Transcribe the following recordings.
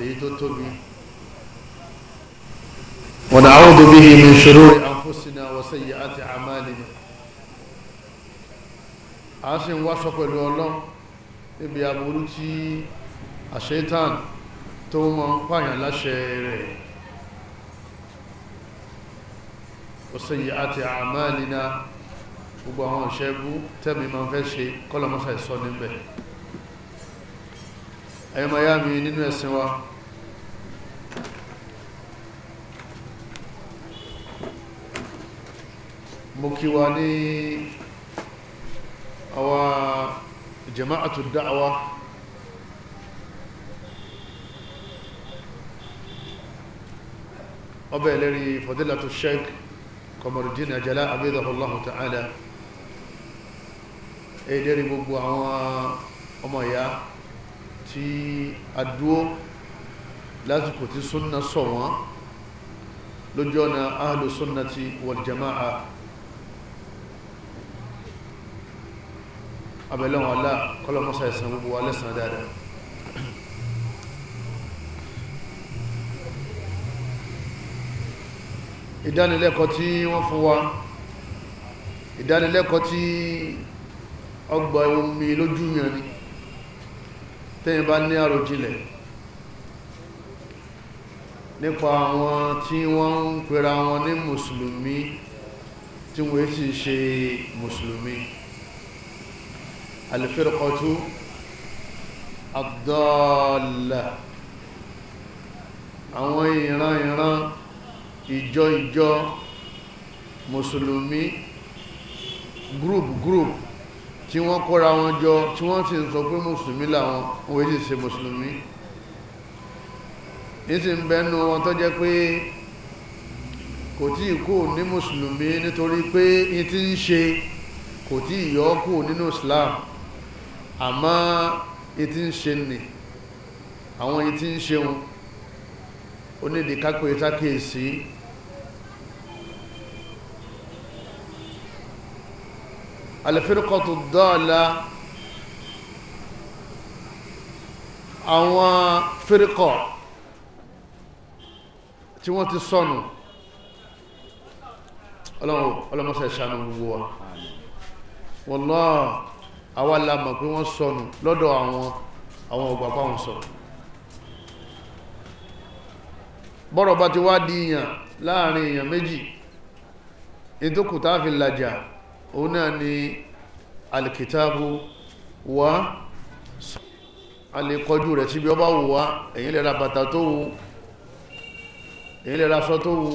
èyí tó tóbi wa na'udhu bihi min shururi anfusina wa sayyi'ati a'malina a ṣe ń wáṣọ pẹ̀lú ọlọ́run níbi aburú tí àṣetán tó mọ́ ń pààyàn láṣẹ rẹ̀ wa sayyi'ati a'malina gbogbo àwọn ìṣẹ́gun tẹ́mi máa ń fẹ́ ṣe kọ́lọ́mọ́sà ìsọ níbẹ̀ ẹ̀yọ́ maya mi nínú ẹ̀sìn wa mo kí wa ní àwa jama'atu da'awa ọbẹ̀ lẹ́rí fadilatu sheik Qamaruddin Ajala abidahullahu ta'ala èdè rí gbogbo àwọn ọmọ ìyá tí a dúó lásìkò tí súnna sọ wọ́n lójú ọ̀nà ahlu sunnati wal jama'a abẹ̀lẹ́wọ̀n alá kọlọmọ́sá ìsàn gbogbo wa lẹ́sàn dáadáa ìdánilẹ́kọ̀ọ́ tí wọ́n fún wa ìdánilẹ́kọ̀ọ́ tí ọgbà omi lójú mìíràn tẹ́yìn bá ní àròjinlẹ̀ nípa àwọn tí wọ́n ń pera wọn ní mùsùlùmí tí wọ́n sì ṣe mùsùlùmí alifirqatu ad àwọn ìran ìran ìjọ ìjọ mùsùlùmí group group tí wọ́n kóra wọn jọ tí wọ́n sì ń sọ pé mùsùlùmí làwọn òwe sì ṣe mùsùlùmí nísì ń bẹnu wọn tó jẹ́ pé kò tí ì kú ní mùsùlùmí nítorí pé in ti ń ṣe kò tí ì yọ kú nínú Islam àmọ́ in ti ń ṣe nì àwọn in ti ń ṣeun onídìí kápẹ́ sákèésí alifirikọtù dọ́ọ̀la àwọn firikọ tí wọ́n ti sọnù ọlọ́mọsẹ̀ ṣàánú gbogbo wa wọ́lọ́ àwa la mọ̀ pé wọ́n sọnù lọ́dọ̀ àwọn àwọn ọgbà báwọn sọ bọ́rọ̀ bá ti wá di èèyàn láàrin èèyàn méjì ètò kùtà fi làjà òun náà ni alìkìtàbù wá a lè kọjú rẹ̀ tí bí ọ bá wù wá èyí lè ra bàtà tó wù èyí lè ra aṣọ tó wù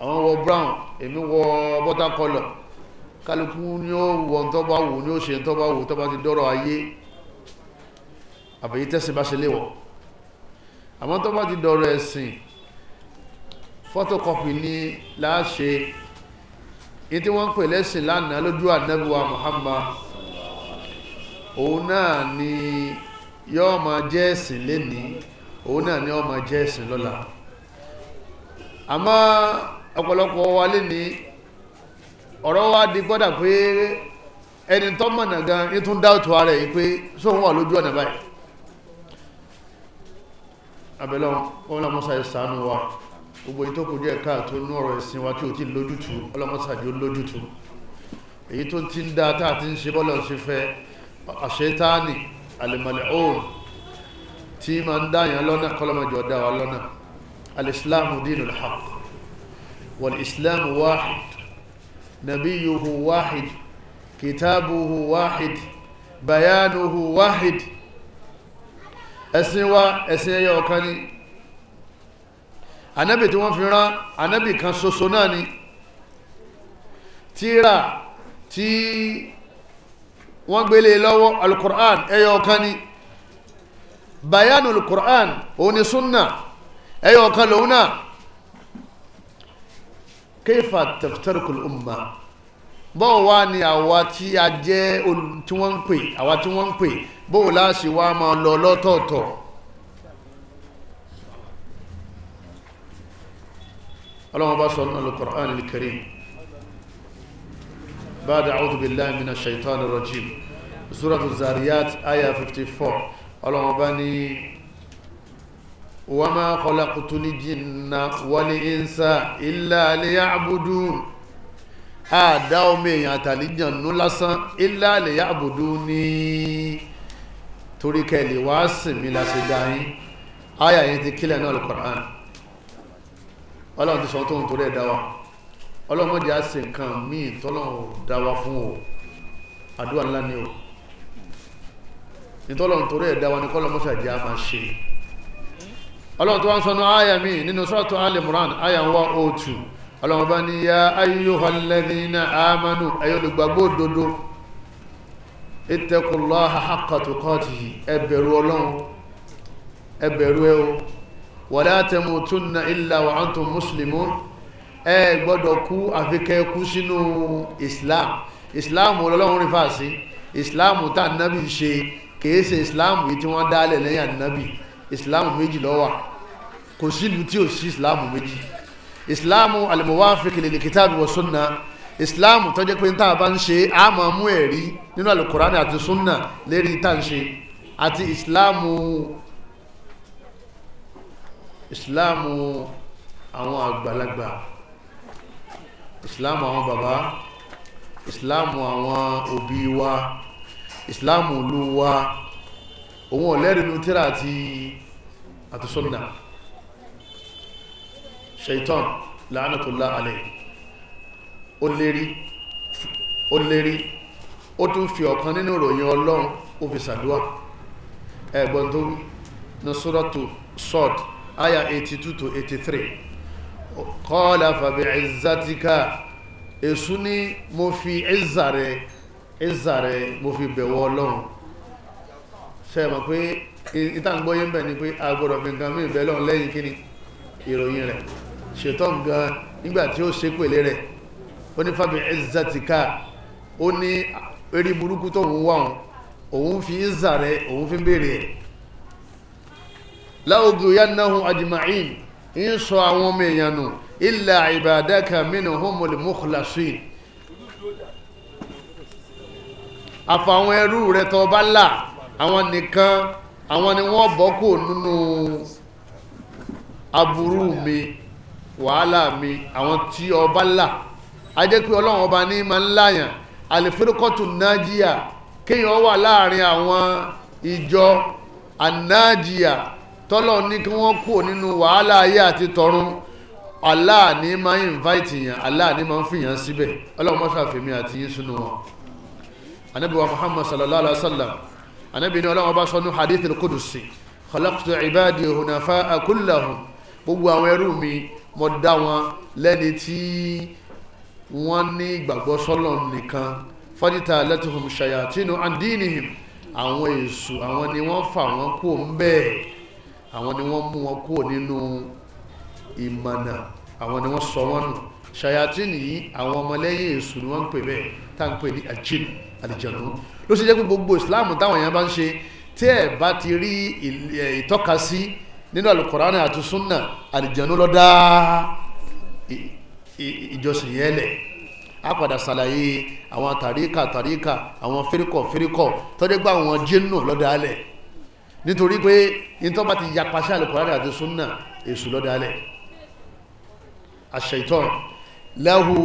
àwọn wọ brown èmi wọ butter color kálukú ni ó wọ tó bá wù ni ó ṣe tó bá wù tó bá ti dọ́rọ̀ ayé àbẹ̀yí tẹ́sí bá ṣe léwọ̀ àmọ́ tó bá ti dọ̀rọ̀ ẹ̀sìn photocopy ni láà yìí tí wọ́n ń pè lẹ́sìn lánàá lójú ànábì wa Muhammad òun náà ni yóò máa jẹ́ ẹ̀sìn lénìí òun náà ni yóò máa jẹ́ ẹ̀sìn lọ́la àmọ́ ọ̀pọ̀lọpọ̀ wa lénìí ọ̀rọ̀ wa di gbọ́dà pé ẹni tó mọ̀nà gan ní tún dá òtò ara yìí pé sóhun wà lójú ọ̀nà báyìí abẹ́lẹ́ wọn wa. gbogbo èyí tó kù díẹ̀ káàtó nú ọ̀rọ̀ ẹ̀sìn wa tí ò ti lójútu ọlọ́mọ́sàdì ó lójútu èyí tó ti ń da tá a ti ń ṣe bọ́lọ̀ ṣe fẹ́ àṣetáàní àlèmọ̀lẹ̀ òun tí ma ń dáyàn lọ́nà kọlọ́mọjọ dá wa lọ́nà alìsílámù dínú alhaq wal islamu wahid nabiyuhu wahid kitabuhu wahid bayanuhu wahid ẹ̀sìn wa ẹ̀sìn ẹyọ ọ̀kan ni anabi tí wọ́n fi rán anabi kan ṣoṣo náà ni tíra tí wọ́n gbélé lọ́wọ́ alukur'an ẹyọ kan ni bayanu alukur'an òun ni sunna ẹyọ kan lòun náà kéfà taftarukul umma bọ́ọ̀ wá ni àwa tí a jẹ́ tí wọ́n ń pè àwa tí wọ́n ń pè bóò láàṣì wá máa lọ lọ́tọ̀ọ̀tọ̀ ọlọ́wọ́n bá sọ nínú al-Qur'an al-Karim بعد أعوذ بالله من الشيطان الرجيم سورة الزاريات آية 54 اللهم بني وما خلقت الجن والإنس إلا ليعبدون àdá ọmọ èèyàn àtàlíjànú lásán illa liya'buduni torí kẹ́lẹ̀ wá sìn mí lásìgbà yín áyà yìí ti kílẹ̀ náà al-Qur'an ọlọ́run ti sọ tó ń torí ẹ̀ dáwà ọlọ́run mọ́dí á ṣe nǹkan míì tọ́lọ́run dáwà fún o àdúrà ńlá ni o nítọ́lọ́run torí ẹ̀ dáwà ní kọ́lọ́ mọ́sà jẹ́ a máa ṣe ọlọ́run tó wá ń sọ àyà míì nínú suratu Al-Imran àyà ń wá òtù ọlọ́run bá ní ya ayyuhal ladhina amanu ẹ̀yọ́ olùgbàgbọ́ òdodo ittaqullaha haqqa tuqatihi ẹ ọlọ́run ẹ bẹ̀rù o wala tamutunna illa wa antum muslimun ẹ gbọ́dọ̀ kú àfikẹ́ kú sínú islam islam ọlọ́run rí fàásí islam tá nábì ṣe kìí ṣe islam yìí tí wọ́n dálẹ̀ lẹ́yìn ànábì islam méjì lọ́wà kò sílùú tí ò sí islam méjì islam al-muwafiq lil kitab wa sunnah islam tó jẹ́ pé tá a bá ń ṣe a máa mú ẹ̀rí nínú alukurani àti sunna lérí tá a ń ṣe àti islam ìsìláàmù àwọn àgbàlagbà ìsìláàmù àwọn bàbá ìsìláàmù àwọn òbí wa ìsìláàmù ìlú wa òun ọ̀lẹ́rìnú tíra àti àtúsọ́nà shaitan la'anatullah alayhi ó lérí ó lérí ó tún fi ọ̀kan nínú ìròyìn ọlọ́run ó fi sàdúwà ẹ̀gbọ́n tó wí ní aya 82 to 83 qala fabi'izzatika èṣù ní mo fi ìzà rẹ̀ ìzà rẹ̀ mo fi bẹ̀wọ̀ ọlọ́run ṣe mọ̀ pé ìtàǹgbọ́yé gboye bẹ̀ ni pe pé agbọ́dọ̀ fi nǹkan mìí bẹ́lọ́n lẹ́yìn kíní ìròyìn rẹ̀ ṣètọ́n gan nígbà tí ó ṣe pèlé rẹ̀ ó ní fabi'izzatika ó ní eré burúkú tó ń wà òun fi ìzà rẹ̀ òun fi ń láògùnyánáhùn àjìmáìn ń sọ àwọn ọmọ èèyàn nù ilà ìbàdàkà minhumul mukhlasin àfàwọn ẹrú rẹ tó bá là àwọn nìkan àwọn ni wọ́n bọ́ kò nínú aburú mi wàhálà mi àwọn tí ọba là á jẹ́ pé ní máa ń láyàn àlèfẹ́rẹ́kọ́tù nájíà kéèyàn wà láàrin àwọn ìjọ anájíà tọ́lọ̀ ní kí wọ́n kúrò nínú wàhálà ayé àti tọ̀run Allah ní máa ń invite yàn Allah ní máa ń fìyàn síbẹ̀ ọlọ́run mọ́ṣá fèmí àti yín sínú wọn anabi wa muhammad sallallahu alaihi wa sallam anabi ni ọlọ́run ọba sọ ní hadith al-qudusi khalaqtu ibadi hunafa'a kullahum gbogbo àwọn ẹrú mi mo dá wọn lẹ́ni tí wọ́n ní ìgbàgbọ́ sọ́lọ̀ nìkan fadita latuhum shayatinu an àwọn èṣù àwọn ni wọ́n fà wọ́n kú ń bẹ́ẹ̀ àwọn ni wọ́n mú wọn kúrò nínú ìmọ̀nà àwọn ni wọ́n sọ wọ́n nù ṣayatini yìí àwọn ọmọlẹ́yìn èṣù ni wọ́n ń pè bẹ́ẹ̀ tá ń pè ní ajin àlìjànú ló ṣe jẹ́ pé gbogbo islam táwọn èèyàn bá ń ṣe tí ẹ̀ bá ti rí ìtọ́ka sí nínú alukọ̀ránì àti súnà àlìjànú lọ́dá ìjọsìn yẹn lẹ̀ á padà ṣàlàyé àwọn tàríkà tàríkà àwọn fíríkọ̀ fíríkọ̀ tọ́jú pé àwọn jinnu lọ́dá lẹ̀ nítorí pé ìtọ́ bá ti yapa sí Al-Qur'ani àti súnnà èṣù lọ́dálẹ̀ aṣ-ṣaitan lahu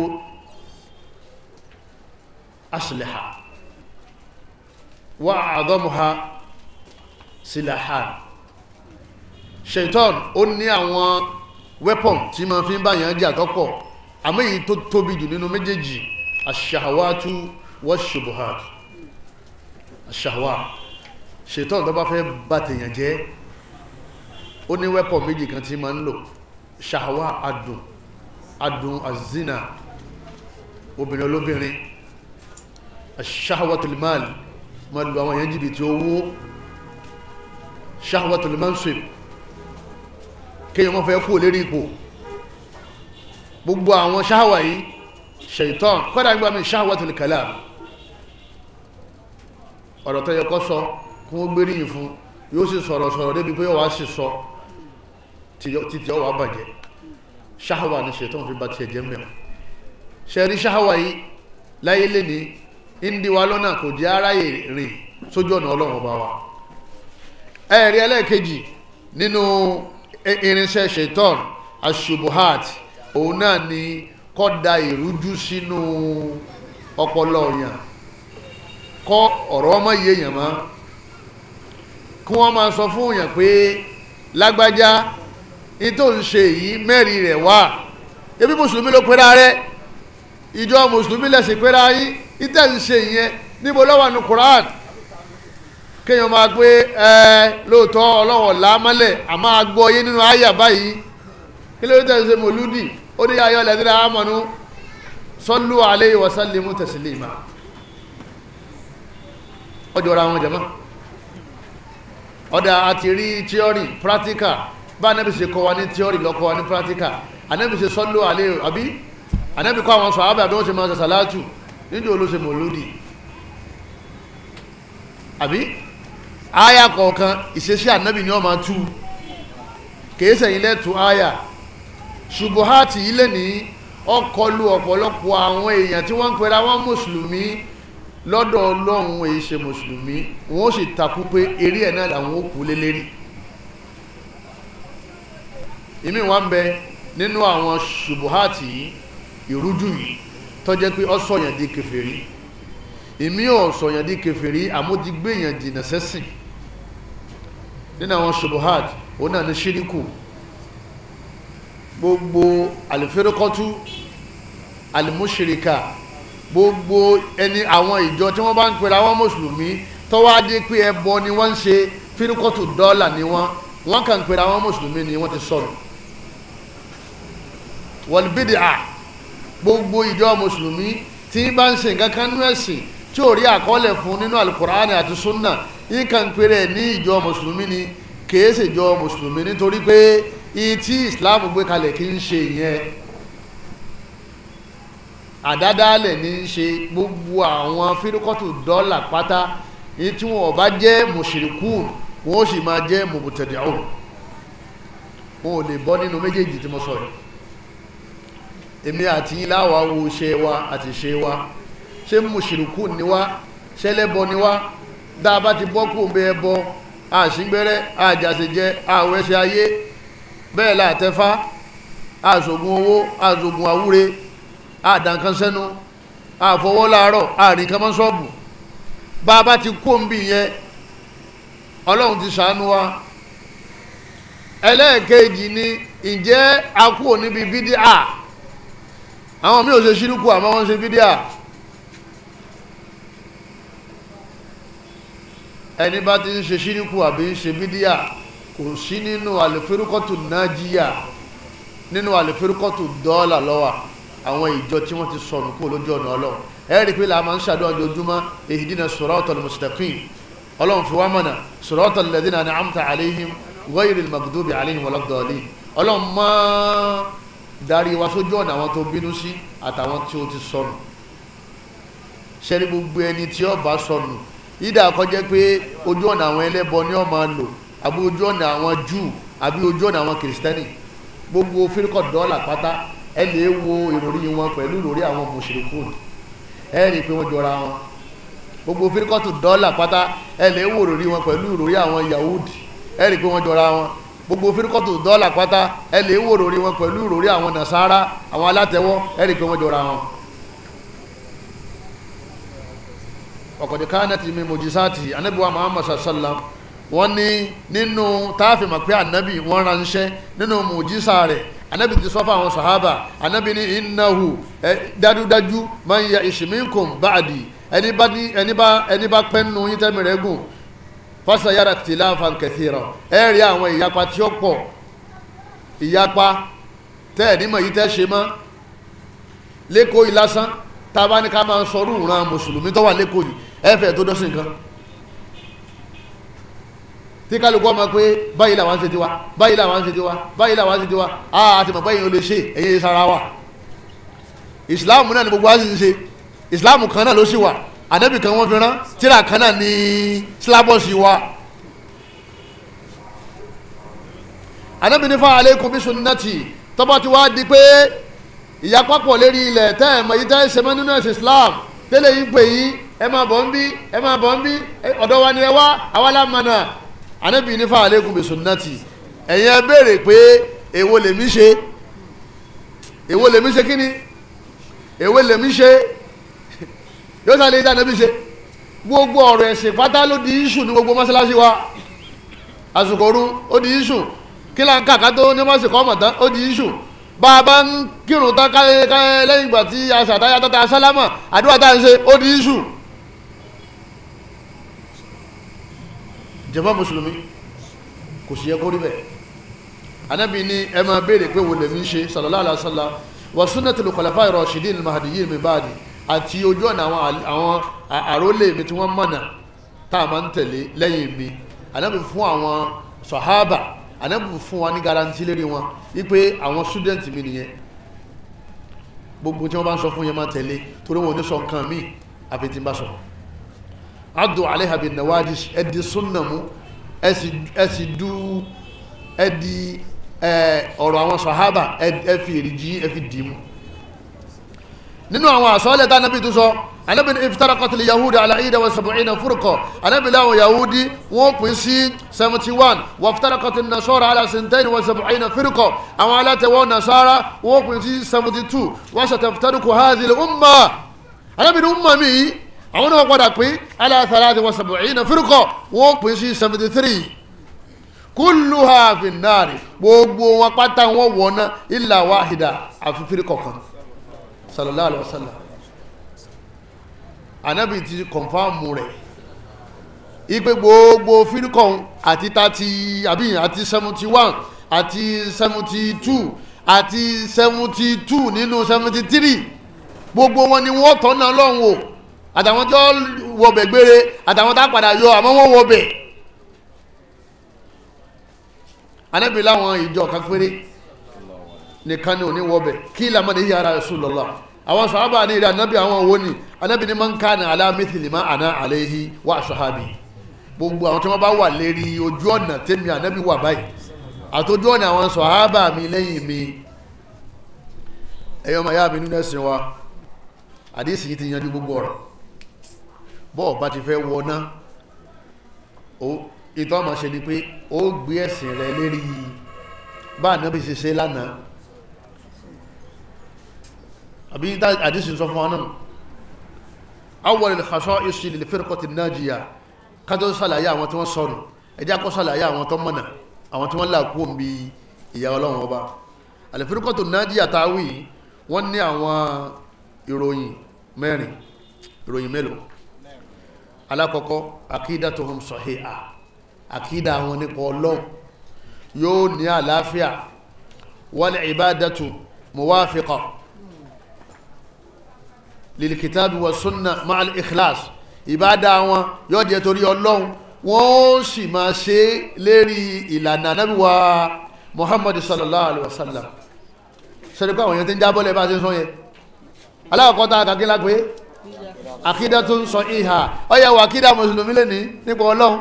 asliha wa a'dhamuha silahan ṣaitan ó ní àwọn weapon tí ma fi ń bá yàn jà tọ́pọ̀ àmọ́ èyí tó tóbi jù nínú méjèèjì aṣ-ṣahawatu wash-shubuhat ṣètọ́n tó bá fẹ́ bá tèèyàn jẹ́ ó ní wẹ́pọ̀ méjì kan tí ma ń lò ṣàwá adùn adùn azina obìnrin olóbìnrin ṣàwátùl máàlì ma lò àwọn èèyàn jìbìtì owó ṣàwátùl mansib kéèyàn wọ́n fẹ́ kú lérí ipò gbogbo àwọn ṣàwà yìí ṣètọ́n kọ́dà gbàmí ṣàwátùl kalam ọ̀rọ̀ tó yẹ kó sọ kó fún yóò sì sọ̀rọ̀ sọ̀rọ̀ débi pé wàá sì sọ títí ọwà bàjẹ́ ṣáhàwà ni ṣètọ́n fi bá tiẹ̀ jẹ́ mẹ́rin ṣe rí ṣáhàwà yìí láyé lè ní indiwa lọ́nà kò jẹ́ aráyè rìn sójú ọ̀nà ọlọ́run ọba wa ẹ̀rí ẹlẹ́ẹ̀kejì nínú irinṣẹ́ ṣètọ́n aṣubuhat òun náà ni kó da ìrújú sínú ọpọlọ yàn kọ́ ọ̀rọ̀ ọmọ kí wọ́n máa sọ fún èèyàn pé lágbájá ní tó ń ṣe yìí mẹ́rin rẹ̀ wà ebi mùsùlùmí ló pera rẹ̀ ìjọ mùsùlùmí lẹ̀sìn pera yín ní tẹ̀ ń ṣe ìyẹn níbo ló wà ní Quran kéèyàn máa gbé ẹ lóòótọ́ ọlọ́wọ̀ lámọ́lẹ̀ àmọ́ agbóyé nínú àyà báyìí kí ló tẹ̀ ń ṣe mòlúdì ó ní ayọ́ lẹ́dínlẹ́ àmọ́nú sallu alayhi wa sallimu taslima ọjọ́ ra wọn jẹ̀mọ́ ọ̀dà àti rí tíọ́rì practical bá anábì ṣe kọ́ wa ní tíọ́rì lọ́kọ́ wa ní practical anábì ṣe sọ́lú àlẹ́ àbí anábì kọ́ àwọn sọ̀hábà bí wọ́n ṣe máa ṣe sàlátù nídìí olóṣè mọ̀lódì àbí aya kọ̀ọ̀kan ìṣesí anábì ni wọ́n máa tú kìí sẹ̀yìn lẹ́tù aya ṣubuhati ilé ní ọkọlù ọ̀pọ̀lọpọ̀ àwọn èèyàn tí wọ́n ń pera wọn mùsùlùmí lọ́dọ̀ ọlọ́run èyí ṣe mùsùlùmí wọ́n sì takú pé eré ẹ̀ náà làwọn ó kú lé lérí ìmí wọn bẹ nínú àwọn ṣubuhati ìrújú yìí tó jẹ́ pé ó sọ̀yàn di kèfèrí ìmí ò sọ̀yàn di kèfèrí àmójúgbéyàn jìnà sẹ́sìn nínú àwọn ṣubuhati ó náà ní ṣíríkù gbogbo àlìfẹ́rẹ́kọ́tú àlìmúṣirika gbogbo ẹni àwọn ìjọ tí wọ́n bá ń pera wọn mùsùlùmí tó wá dé pé ẹbọ ni wọ́n ń ṣe fírikọ́tù dọ́là ni wọ́n wọ́n kàn pera wọn mùsùlùmí ni wọ́n ti sọ̀rọ̀ wọlbídìá gbogbo ìjọ mùsùlùmí tí bá ń ṣe nǹkan kan nú ẹ̀sìn tí ò rí àkọọ́lẹ̀ fún nínú alukur'ani àti sunna yìí kàn péré ní ìjọ mùsùlùmí ni kèé ṣèjọ mùsùlùmí nítorí pé iye tí islam gbé kalẹ̀ kì í ṣe ìyẹn àdádálẹ̀ ní í ṣe gbogbo àwọn fírikọ́tù dọ́là pátá èyí tí wọn bá jẹ́ mùṣìríkù wọn sì máa jẹ́ mùbùtẹ̀dẹ̀ọ́ wọn ò lè bọ́ nínú méjèèjì tí mo sọ yìí èmi àti yín láwa wo iṣẹ́ wa àti iṣẹ́ wa ṣé mùṣìríkù ni wá ṣẹlẹ́bọ ni wá dá a bá ti bọ́ kó bẹ́ẹ̀ bọ́ àṣìgbẹ́rẹ́ àjàṣejẹ àwẹ̀ṣẹ̀ ayé bẹ́ẹ̀ láàtẹ́fá àṣògùn owó àṣògùn àwúre àdànkan sẹ́nu àfọwọ́ láàárọ̀ àrìn kan mọ́ ṣọ́ọ̀bù bá a bá ti kó ń bì yẹn ọlọ́run ti ṣàánú wa ẹlẹ́ẹ̀kejì ni ǹjẹ́ a kúrò níbi bídíà àwọn mi ò ṣe ṣírùkù àmọ́ wọ́n ṣe bídíà ẹni bá ti ń ṣe ṣírùkù àbí ń ṣe bídíà kò sí nínú àlèfẹ́rúkọ́tù nájíyà nínú àlèfẹ́rúkọ́tù dọ́là lọ́wọ́ àwọn ìjọ tí wọ́n ti sọnù kó lójú ọ̀nà ọlọ́run ẹ rí i pé la máa ń ṣàdúrà ojoojúmọ́ ihdina siratal mustaqim ọlọ́run fi wá mọ̀nà siratal ladina an'amta alayhim ghayril maghdubi alayhim waladdallin ọlọ́run máa darí wa sójú ọ̀nà àwọn tó bínú sí àtàwọn tí ó ti sọnù ṣẹ́ni gbogbo ẹni tí ó bá sọnù ìdá àkọ́jẹ́ pé ojú ọ̀nà àwọn ẹlẹ́bọ ni ó máa lò àbí ojú ọ̀nà àwọn Júù àbí ojú ọ̀nà àwọn kìrìsìtẹ́nì gbogbo fírkọ̀ dọ́là pátá ẹ lè wo ìròrí wọn pẹ̀lú ìròrí àwọn mushrikun ẹ rí i pé wọ́n jọra wọn gbogbo fírikọ́tù dọ́là pátá ẹ lè wo ìròrí wọn pẹ̀lú ìròrí àwọn yahudi ẹ rí i pé wọ́n jọra wọn gbogbo fírikọ́tù dọ́là pátá ẹ lè wo ìròrí wọn pẹ̀lú ìròrí àwọn nasara àwọn alátẹ̀wọ́ ẹ rí i pé wọ́n jọra wọn. ọ̀kọ̀dé kánẹ́tì mi mojisáàtì anábíwá muhammad sallam wọ́n ní nínú táàfin mọ̀ pé ànábì wọ́n ránṣẹ́ nínú mojisá rẹ̀ anabi ti sọ fún àwọn sahaba anabi ni innahu ẹ dájúdájú man ya'ish minkum ba'di ẹni bá ẹni bá ẹni bá pẹ́nu yín tẹ́mi rẹ̀ gùn fasayara ikhtilafan kathira ẹ rí àwọn ìyapa tí ó pọ̀ ìyapa tẹ́ ẹ̀ nímọ̀ yìí tẹ́ ṣe mọ́ lẹ́kọ̀ọ́ yìí lásán tá a bá ní ká máa sọrú ìran mùsùlùmí tó kan tí kálukú ọmọ pé báyìí làwọn ṣe ti wa báyìí làwọn ṣe ti wa báyìí làwọn ṣe ti wa àti mọ̀ báyìí o lè ṣe ẹ̀yẹ sara wa ìsìláàmù náà ni gbogbo wa sì ń ṣe ìsìláàmù kan náà ló sì wà ànábì kan wọ́n fi rán tíra kan náà ní sílábọ̀sì wa ànábì ní fáwọn aleikum bí sunnati tọ́ba ti wá di pé ìyapapọ̀ lérí ilẹ̀ tẹ́ ẹ̀ mọ̀ yìí tẹ́ ẹ̀ ṣe mọ́ nínú ẹ̀sìn Islam tẹ́lẹ̀ yìí pè yìí ẹ máa bọ̀ ń bí ẹ máa bọ̀ ń bí ọ̀dọ̀ wa ni ẹ wá àwa la anabi nífa àlékún bi sunnati ẹ̀yin ẹ béèrè pé èwo lèmi ṣe èwo lèmi ṣe kíni èwo lèmi ṣe yóò sáré ìdá anabi ṣe gbogbo ọ̀rọ̀ ẹ̀sìn pátá ló di iṣu ní gbogbo mọ́ṣáláṣí wa àsìkò ooru ó di iṣu kí là ń kà ká tó ní mọ́ṣáláṣí kọ́ mọ̀ tán ó di iṣu bá a ń kírun tán káyẹ káyẹ lẹ́yìn ìgbà tí a ṣàtàyà tó àdúrà tá à ń ṣe ó di iṣu. jàmá mùsùlùmí kò sí yẹ kó rí bẹ́ẹ̀ anábì ní ẹ máa béèrè pé wò lèmi ń ṣe sallallahu alaihi wasallam wa sunnatul khulafa'ir rashidin al-mahdiyyin min ba'di àti ojú ọ̀nà àwọn àrólé mi tí wọ́n mọ̀nà tá a máa ń tẹ̀lé lẹ́yìn mi anábì fún àwọn sàhábà anábì fún wa ní garanti lérí wọn wípé àwọn student mi nìyẹn gbogbo tí wọ́n bá ń sọ fún yẹn máa tẹ̀lé torí wọn ò ní sọ nǹkan míì àfi tí ń bá sọ̀rọ̀ adu aleha bi nawadis ẹdi sunna mu ẹsi du ẹdi ẹ ọ̀rọ̀ àwọn sahaba ẹfi èrìjì ẹfi dì mu nínú àwọn àsọ́lẹ̀ tá anábì tó sọ anábì iftarakọtìlì yahudi aláìdá wa sàbùnà fúrukọ anábì láwọn yahudi wọ́n pín sí 71 wà iftarakọtìlì nasọ́ra alásìntẹ́ni wa sàbùnà fúrukọ àwọn alátẹwọ́ nasara wọ́n pín sí 72 wọ́n sàtẹ̀fitaruku hadhihi umma anábì ní umma mi àwọn náà padà pé ala thalathin wa sab'ina firqa wọ́n pè sí seventy three kulluha fin nari gbogbo wọn pátá wọn wọ̀nà illa wahida àfi firqa kan sallallahu alaihi wasallam anabi ti kọ̀nfàmù rẹ̀ ipe gbogbo firqa àti thirty àbí àti seventy one àti seventy two àti seventy two nínú seventy three gbogbo wọn ni wọ́n tọ́nà lọ́hùn o àtàwọn tí ó wọbẹ̀ gbére àtàwọn tá padà yọ àmọ́ wọ́n wọbẹ̀ anẹ́bí láwọn ìjọ kan péré nìkan ni òní wọbẹ̀ kí lamọ́dé yí ara Rasulullah àwọn sàábà ní ìrẹ́ anábì àwọn owó ni anábì ní man kana ala mithli ma ana alayhi wa ashabi gbogbo àwọn tí wọ́n bá wà lérí ojú ọ̀nà tèmi anábì wà báyìí àtòjú ọ̀nà àwọn sàábà mi lẹ́yìn mi ẹ̀yọ́ màyá mi nínú ẹ̀sìn wa àdìsí yìí ti yanjú gbogbo ọ̀rọ̀ bọ́ọ̀ bá ti fẹ́ wọná ìtọ́ ọmọ ṣe ni pé ó gbé ẹ̀sìn rẹ lérí bá ànábì ṣe ṣe lánàá àbí àdísìn sọ fún ọ náà awwal al-khasa'is lil-firqati an-najiya kájọ́ sàlàyé àwọn tí wọ́n sọnù ẹjá kọ́ sàlàyé àwọn tó mọ̀nà àwọn tí wọ́n là kú òun ìyá ọlọ́run ọba al-firqatu an-najiya táwì wọ́n ní àwọn ìròyìn mẹ́rin ìròyìn mélòó alákọ̀ọ́kọ́ akidatuhum sahiha akídà wọn nípa ọlọ́run yóò ní àlàáfíà wal ibadatu muwafiqa lil kitabi wa sunna ma'al ikhlas ìbádà wọn yóò jẹ́ torí ọlọ́run wọ́n ó sì máa ṣe lérí ìlànà anábíwá Muhammad sallallahu alaihi wasallam sẹ́ni pé àwọn èèyàn ti ń jábọ́lẹ̀ bá ṣe sọ yẹn alákọ̀ọ́kọ́ tá a kàkí lápé àkídá tó ń sọ ìhà ọyẹ wà àkídá mùsùlùmí lè ní nípa ọlọ́run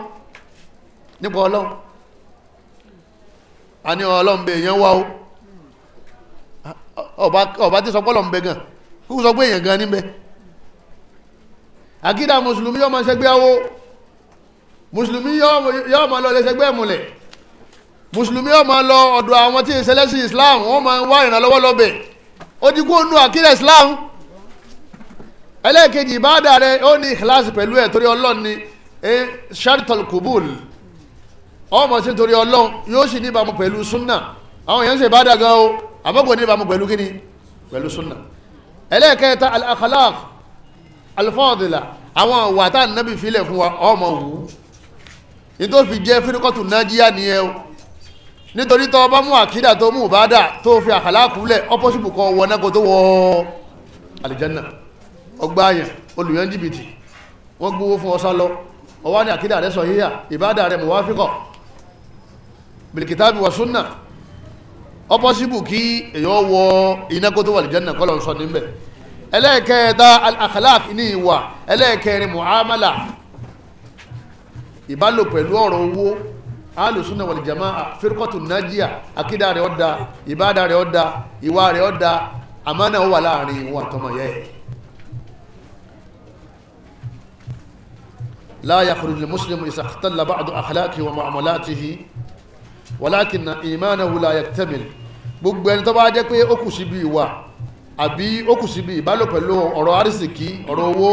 nípa ọlọ́run a ní ọlọ́run bẹ èèyàn wá o ọba tí sọ pọ́lọ̀ ń bẹ gan kúkú sọ pé èèyàn gan níbẹ̀ àkídá mùsùlùmí yọ́ máa ṣẹgbẹ́ awó mùsùlùmí yọ́ máa lọ lè ṣẹgbẹ́ múlẹ̀ mùsùlùmí yọ́ máa lọ ọ̀dọ̀ àwọn tí ìṣẹlẹ́sìn Islam wọ́n máa wá ìrànlọ́wọ́ lọ́bẹ̀ ó ti kú ònú àkídá Islam ẹlẹ́ẹ̀kejì ìbáàdà rẹ ó ní ìkìláàsì pẹ̀lú ẹ̀ torí ọlọ́run ni shartal kubul ọmọ sí torí ọlọ́run yóò sì níbàámu pẹ̀lú súnà àwọn èèyàn ń ṣe ìbáàdà gan o àbọ̀gbọ̀n níbàámu pẹ̀lú kíni pẹ̀lú súnà ẹlẹ́ẹ̀kẹta al-akhlaq al-fadila àwọn ìwà tá nàbì filẹ̀ fún wa ọmọ wù ú nítorí fi jẹ́ fínúkọ́tù nájíyá nìyẹn o nítorí tó bá mú àkídà tó mú ìbáàdà tó fi àkàlà kúlẹ̀ ọ́pọ́sìpù kan wọ náà kó tó wọ àlìjánná ọgbà àyàn olùyàn jìbìtì wọ́n gbówó fún ọsá lọ ọwá ní àkídà rẹ̀ sọ yíyà ìbádà rẹ̀ mọ̀wáfíkọ̀ bìlìkìtàbí wà súnà ọpọ́síbù kí èyàn wọ iná kó tó wà lìjánà kọ́lọ̀ sọ níbẹ̀ ẹlẹ́ẹ̀kẹta al ní ìwà ẹlẹ́ẹ̀kẹrin mu'amala ìbálò pẹ̀lú ọ̀rọ̀ owó alùsùnà wal jama'a firqatu najia àkídà rẹ̀ ọ̀dà ìbádà rẹ̀ ọ̀dà ìwà rẹ̀ ọ̀dà àmánà ó wà láàrin ìwà àtọmọ̀ yẹ́ لا يخرج المسلم إذا اختل بعض أخلاقه ومعاملاته ولكن إيمانه لا يكتمل gbogbo ẹni tó bá jẹ́ pé ó kù síbi ìwà àbí ó kù síbi ìbálò pẹ̀lú ọ̀rọ̀ àrísìkí ọ̀rọ̀ owó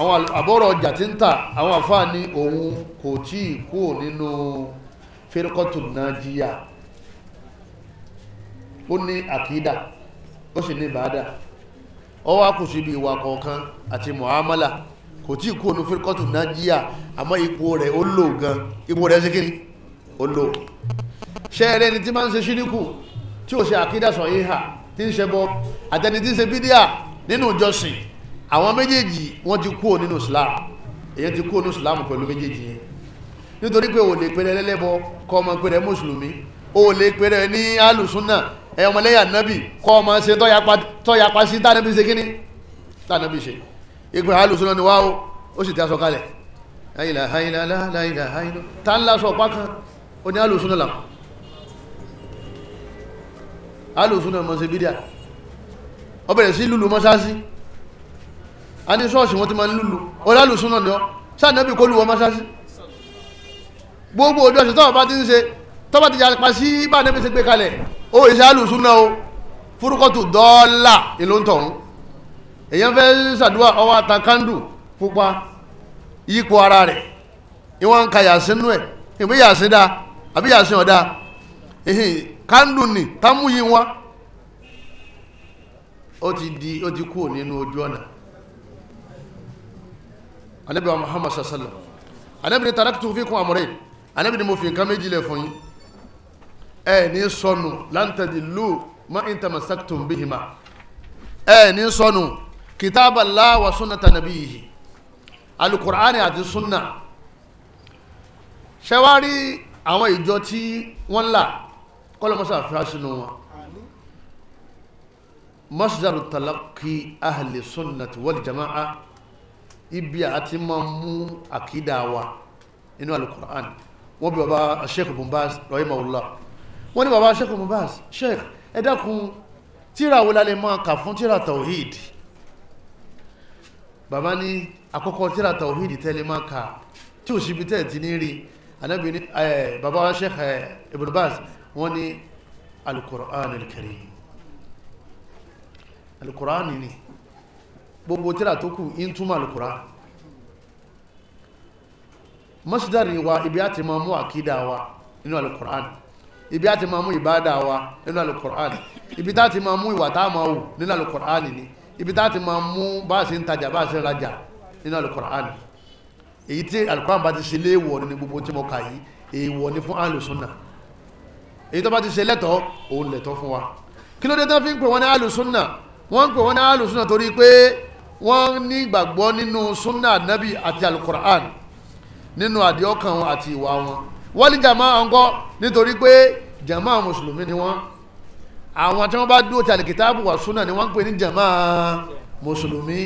àwọn àbọ̀rọ̀ ọjà tí ń tà àwọn àfáà ní òun kò tí ì kú nínú fẹ́rẹ́kọ́tù nàjíyà ó ní àkídà ó sì ní ìbádà ó wá kù síbi ìwà kọ̀ọ̀kan àti muamala kò tí kú onú fíríkọ́tù nájíà àmọ́ ipò rẹ̀ ó lò gan ipò rẹ̀ sí kíní ó lò ṣẹ́ẹ̀rẹ́ ni tí máa ń ṣe ṣíríkù tí ò ṣe àkídàsọ̀ yìí hà tí ń ṣe bọ́ àtẹni tí ń ṣe bídíà nínú ìjọsìn àwọn méjèèjì wọ́n ti kú nínú Islam èyí ti kú nínú Islam pẹ̀lú méjèèjì yẹn nítorí pé o lè pèrè lẹ́lẹ́bọ kọ́ ọmọ pèrè mùsùlùmí o lè pèrè ní alùsùnà ẹ̀ ọmọlẹ́yà nábì kọ́ ọmọ ṣe tọ́yapa sí tánàbí ṣe kíní tánàbí ṣe ìgbà alùsùn ni wá ó ó sì ti aṣọ kalẹ̀ láìlà àìlà láìlà àìlà tá ń láṣọ ọ̀pá kan ó ní alùsùn náà làwọn alùsùn náà mọ̀ sí bídíà ó bẹ̀rẹ̀ sí lùlù mọ́sáàsì a ní ṣọ́ọ̀ṣì wọ́n ti máa ń lùlù ó lálùsùn náà ni ọ́ sáà nẹ́bì kó lù mọ́sáàsì gbogbo ojú ọ̀sẹ̀ tọ́wọ́ bá ti ń ṣe tọ́bà ti yàpa sí bá nẹ́bí ṣe èyàn fẹ́ ṣàdúrà ọwọ́ ata pupa yípo ara rẹ̀ ìwọ́n ń ka yàsín nú ẹ̀ ìwé dáa àbí ọ̀dá ni támú yìí wá ó ti di ó ti kúrò nínú ojú ọ̀nà anabi wa muhammad sallam anabi ni taraktu fi kun amure anabi ni mo fi nǹkan méjì lẹ̀ fún yín ẹ ní sọnù lantadilu ma in ẹ ní sọnù kìtàbà láwà súnà tànàbí yìí alukur'ani àti súnà ṣẹwárí àwọn ìjọ tí wọ́n là kọ́lọ́mọ́sá fíra sínú wọn masdaru talaki ahli súnà ti wal jama'a ibi àti ma mú àkídà wa inú alukur'ani wọ́n bí baba sheikh bumbaz rahimahullah wọ́n ní baba sheikh bumbaz sheikh ẹ dákun tíra wo máa kà fún tíra tawhid bàbá ní àkọ́kọ́ tíra tawhid tẹ́lẹ̀ máa kà tí ò síbi tẹ́ẹ̀ ti ní rí anábì ní bàbá wa Sheikh Ibn Baz wọ́n ní al-Qur'an al ni gbogbo tíra tó kù in túmọ̀ al-Qur'an wa ibi àti máa mú àkídà wa nínú al-Qur'an ibi àti máa mú ìbádà wa nínú al-Qur'an ibi tá ti máa mú ìwà tá máa wù nínú al-Qur'an ni ibi tá a ti máa mú bá a ṣe ń tajà bá a ṣe ń rajà nínú alukur'an èyí tí alukur'an bá ti ṣe léèwọ̀ ní gbogbo tí mo kà yìí èèwọ̀ ni fún alùsùnà èyí tó bá ti ṣe lẹ́tọ̀ọ́ òun lẹ̀tọ́ fún wa kí ló dé tán fi ń pè wọ́n ní alùsùnà wọ́n ń pè wọ́n ní alùsùnà torí pé wọ́n ní ìgbàgbọ́ nínú sunna nabi àti alukur'an nínú àdìọ́kàn wọn àti ìwà wọn wọ́n ní jàmáà ńkọ́ nítorí pé jàmáà mùsùlùmí ni wọ́n àwọn tí wọ́n bá dúró ti àlìkìtàbù wà súnà ni wọ́n ń pè ní jàmá mùsùlùmí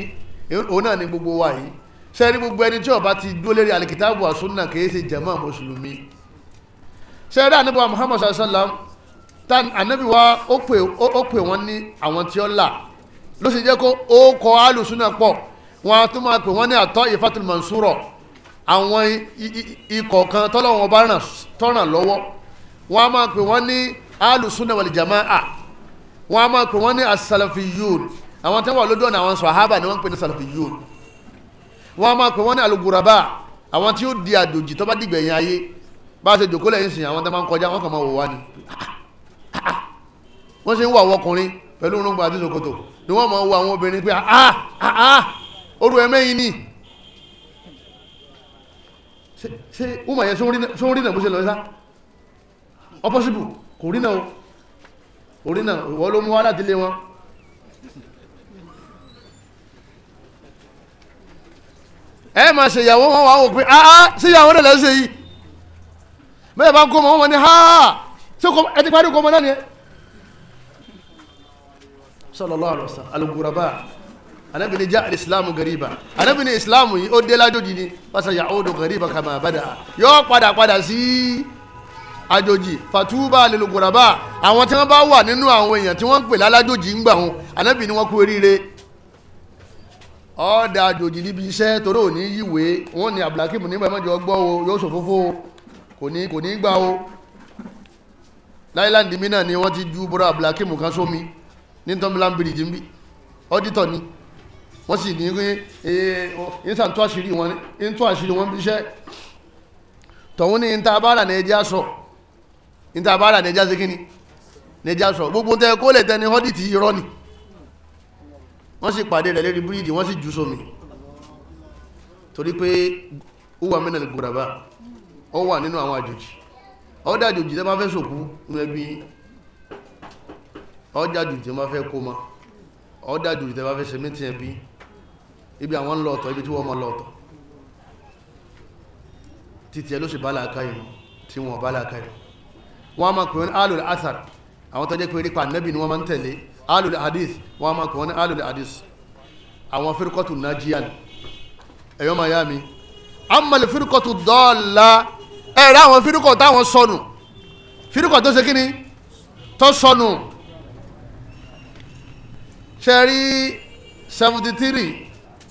òun náà ni gbogbo wa yìí sẹ́ni gbogbo ẹni tí ó bá ti dúró lérí àlìkìtàbù wà súnà kìí ṣe jàmá mùsùlùmí sẹ́ni ànábì muhammad sallam tan ànábì wa ó pè wọ́n ní àwọn tí ó là ló sì jẹ́ kó ó kọ alùsúnà pọ̀ wọn a tún máa pè wọ́n ní àtọ́ ìfatul mansuro àwọn ikọ̀ kan tọ́lọ́wọ́n bá ràn lọ́wọ́ wọn a máa pè wọ́n ní alùsúnà wal jama'a wọ́n á máa pè wọ́n ní asalafiyun àwọn tó wà lójú ọ̀nà àwọn sàhábà ni wọ́n ń pè ní salafiyun wọ́n á máa pè wọ́n ní aluguraba àwọn tí ó di àdòjì tó bá dìgbẹ̀yìn ayé bá a ṣe jòkó lẹ́yìn sìn àwọn tó máa ń kọjá wọ́n kàn máa wò wá ni wọ́n ṣe ń wà wọkùnrin pẹ̀lú orúngbà àti ṣòkòtò ni wọ́n máa ń wo àwọn obìnrin pé ah ah, ah, ah oru ẹ̀mẹ́yìn ni ṣé ó mà yẹ sóńrìnà bó ṣe lọ sá ọ pọ́sibù kò rí náà o orí náà wọ́n ló mú wá láti lé wọn ẹ máa ṣe ìyàwó wọn wà wò pé ah, ah ṣé ìyàwó rẹ̀ lẹ́sẹ̀ yìí bẹ́ẹ̀ bá ń kó ọmọ wọn ni ha ṣé ẹ ti parí kó ọmọ náà ni ẹ sallallahu alaihi wasallam aluguraba anabi ni ja gariba anabi ni islamu yìí ó dé lájòjì ni pàṣẹ ya'udu gariba kama bada yóò padà padà sí i. Ajoji, fàtúbà lẹ́lọ́gùràbà àwọn tí wọ́n bá wà nínú àwọn èèyàn tí wọ́n ń pè lálájòjì ń gbà wọn ànábì ni wọ́n kú eríire ọ̀ọ́dà àjòjì níbi iṣẹ́ torí òní yíwé wọn ni abdulhakeem nígbà mẹ́jọ gbọ́ o yóò ṣòfófó o kò ní kò ní gbà o láìláńdì mi náà ni wọ́n ti ju bọ́rọ̀ abdulhakeem kan sómi ní tọ́mílán bíríjì ń bí ọ́dítọ̀ ni wọ́n sì ní pé ìsàn tó àṣírí wọn ń tó àṣírí wọn bí iṣẹ́ tọ̀hún ní ta bára ní ẹjẹ́ àṣọ níta bá rà nẹjá sí kíni nẹjá sọ gbogbo tẹ kó lè tẹni họ́dìtì irọ́ ni wọ́n sì pàdé rẹ̀ lérí bíríìjì wọ́n sì jù sómi torí pé uwa mẹ́nà lè gbòràbà ó wà nínú àwọn àjòjì ọdá àjòjì tẹ́ bá fẹ́ sòkú nínú ẹbí ọdá àjòjì tẹ́ bá fẹ́ kó ma ọdá àjòjì tẹ́ bá fẹ́ sẹ́mẹ́tì ẹbí ibi àwọn ń lọ ọ̀tọ̀ ibi tí wọ́n mọ lọ ọ̀tọ̀ títí ẹ ló sì bá làákàyè tí wọ́n bá làákàyè wọ́n máa pè wọ́n alul athar àwọn tó jẹ́ pé nípa nẹ́bì ni wọ́n máa ń tẹ̀lé alul hadith wọ́n máa pè wọ́n alul hadith àwọn firkọ́tù najiyan ẹ̀yọ́ máa yá mi amal firkọ́tù dọ́ọ̀la ẹ̀rẹ́ àwọn firkọ́ táwọn sọnù firkọ́ tó ṣe kíni tó sọnù ṣẹ́rí seventy three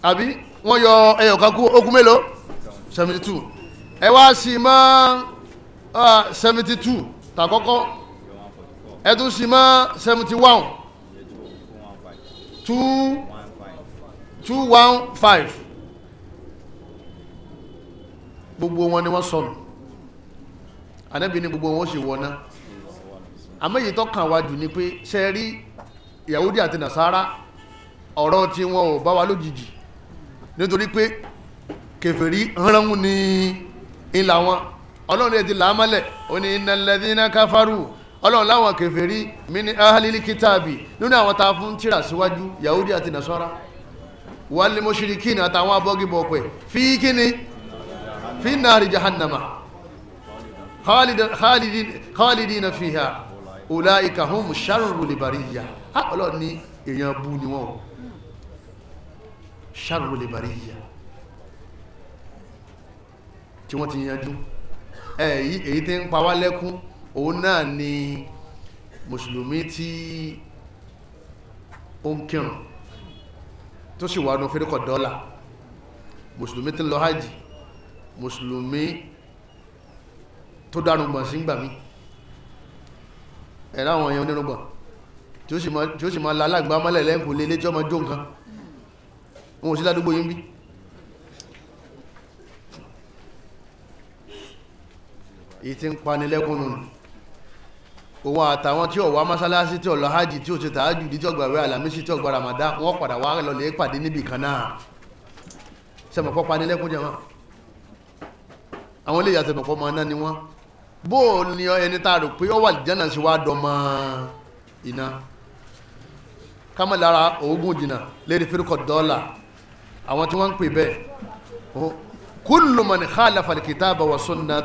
àbí wọ́n yọ ẹ̀yọ̀kan kú okùn mélòó seventy two ẹ wá sí mọ́ ah, seventy two. Takoko, ẹ tún sì mọ́ seventy one two two one five gbogbo wọn ni wọ́n sọnù ànábì ni gbogbo wọn sì wọná àmẹ́yìí tó kàn wá jù ni pé ṣe rí Yahudi àti Nasara ọ̀rọ̀ tí wọn ò bá wa lójijì nítorí pé kèfèrí hánránwó ni ńlá wọn ọlọ́run rẹ̀ ti là á mọ́lẹ̀ ó ní innalladhina káfárù ọlọ́run láwọn kèfèrí min ahlil kitabi nínú àwọn tá a fún tíra síwájú yahudi àti nasara wal mushrikin àtàwọn abọ́gibọ̀ pẹ̀ fi kíni fi nari jahannama khalidina fiha ulaika hum sharrul bariyya ọlọ́run ní èèyàn bú ni wọ́n sharrul bariyya tí wọ́n ti yanjú èyí tí ń pa wá lẹ́kún òun náà ni mùsùlùmí tí ó ń kírun tó sì wà nù fẹ́rẹ́kọ̀ dọ́là mùsùlùmí tí ń lọ hajj mùsùlùmí tó dárúgbọ̀n sí gbà mí ẹ̀rọ àwọn èèyàn onírúgbọ̀n tí ó sì máa lálàgbà mọ́lẹ̀ lẹ́kùn lé lẹ́jọ́ ọmọ jó nǹkan wọn ò sí ládùúgbò yín bí èyí tí ń panilẹ́kùn nù òun àtàwọn tí ó wá mọ́sálásí tí ó lọ hajj tí ó ti tààjù tí ó gbàwé àlàmísì tí ó gba Ramadan wọ́n padà wá lọ lè pàdé níbì kan náà sẹ̀mọ̀pọ̀ panilẹ́kùn jẹ́ wọn àwọn eléyà sẹ̀mọ̀pọ̀ mọ́ náà ni wọ́n bó o ní ẹni tá a rò pé ó wà lìjánà sí wàá dọ́mọ iná kámẹ́lára oògùn jìnnà lérí fírikọ̀ dọ́là àwọn tí wọ́n ń pè bẹ́ẹ̀ kullu man khalafa al-kitaba wa sunnah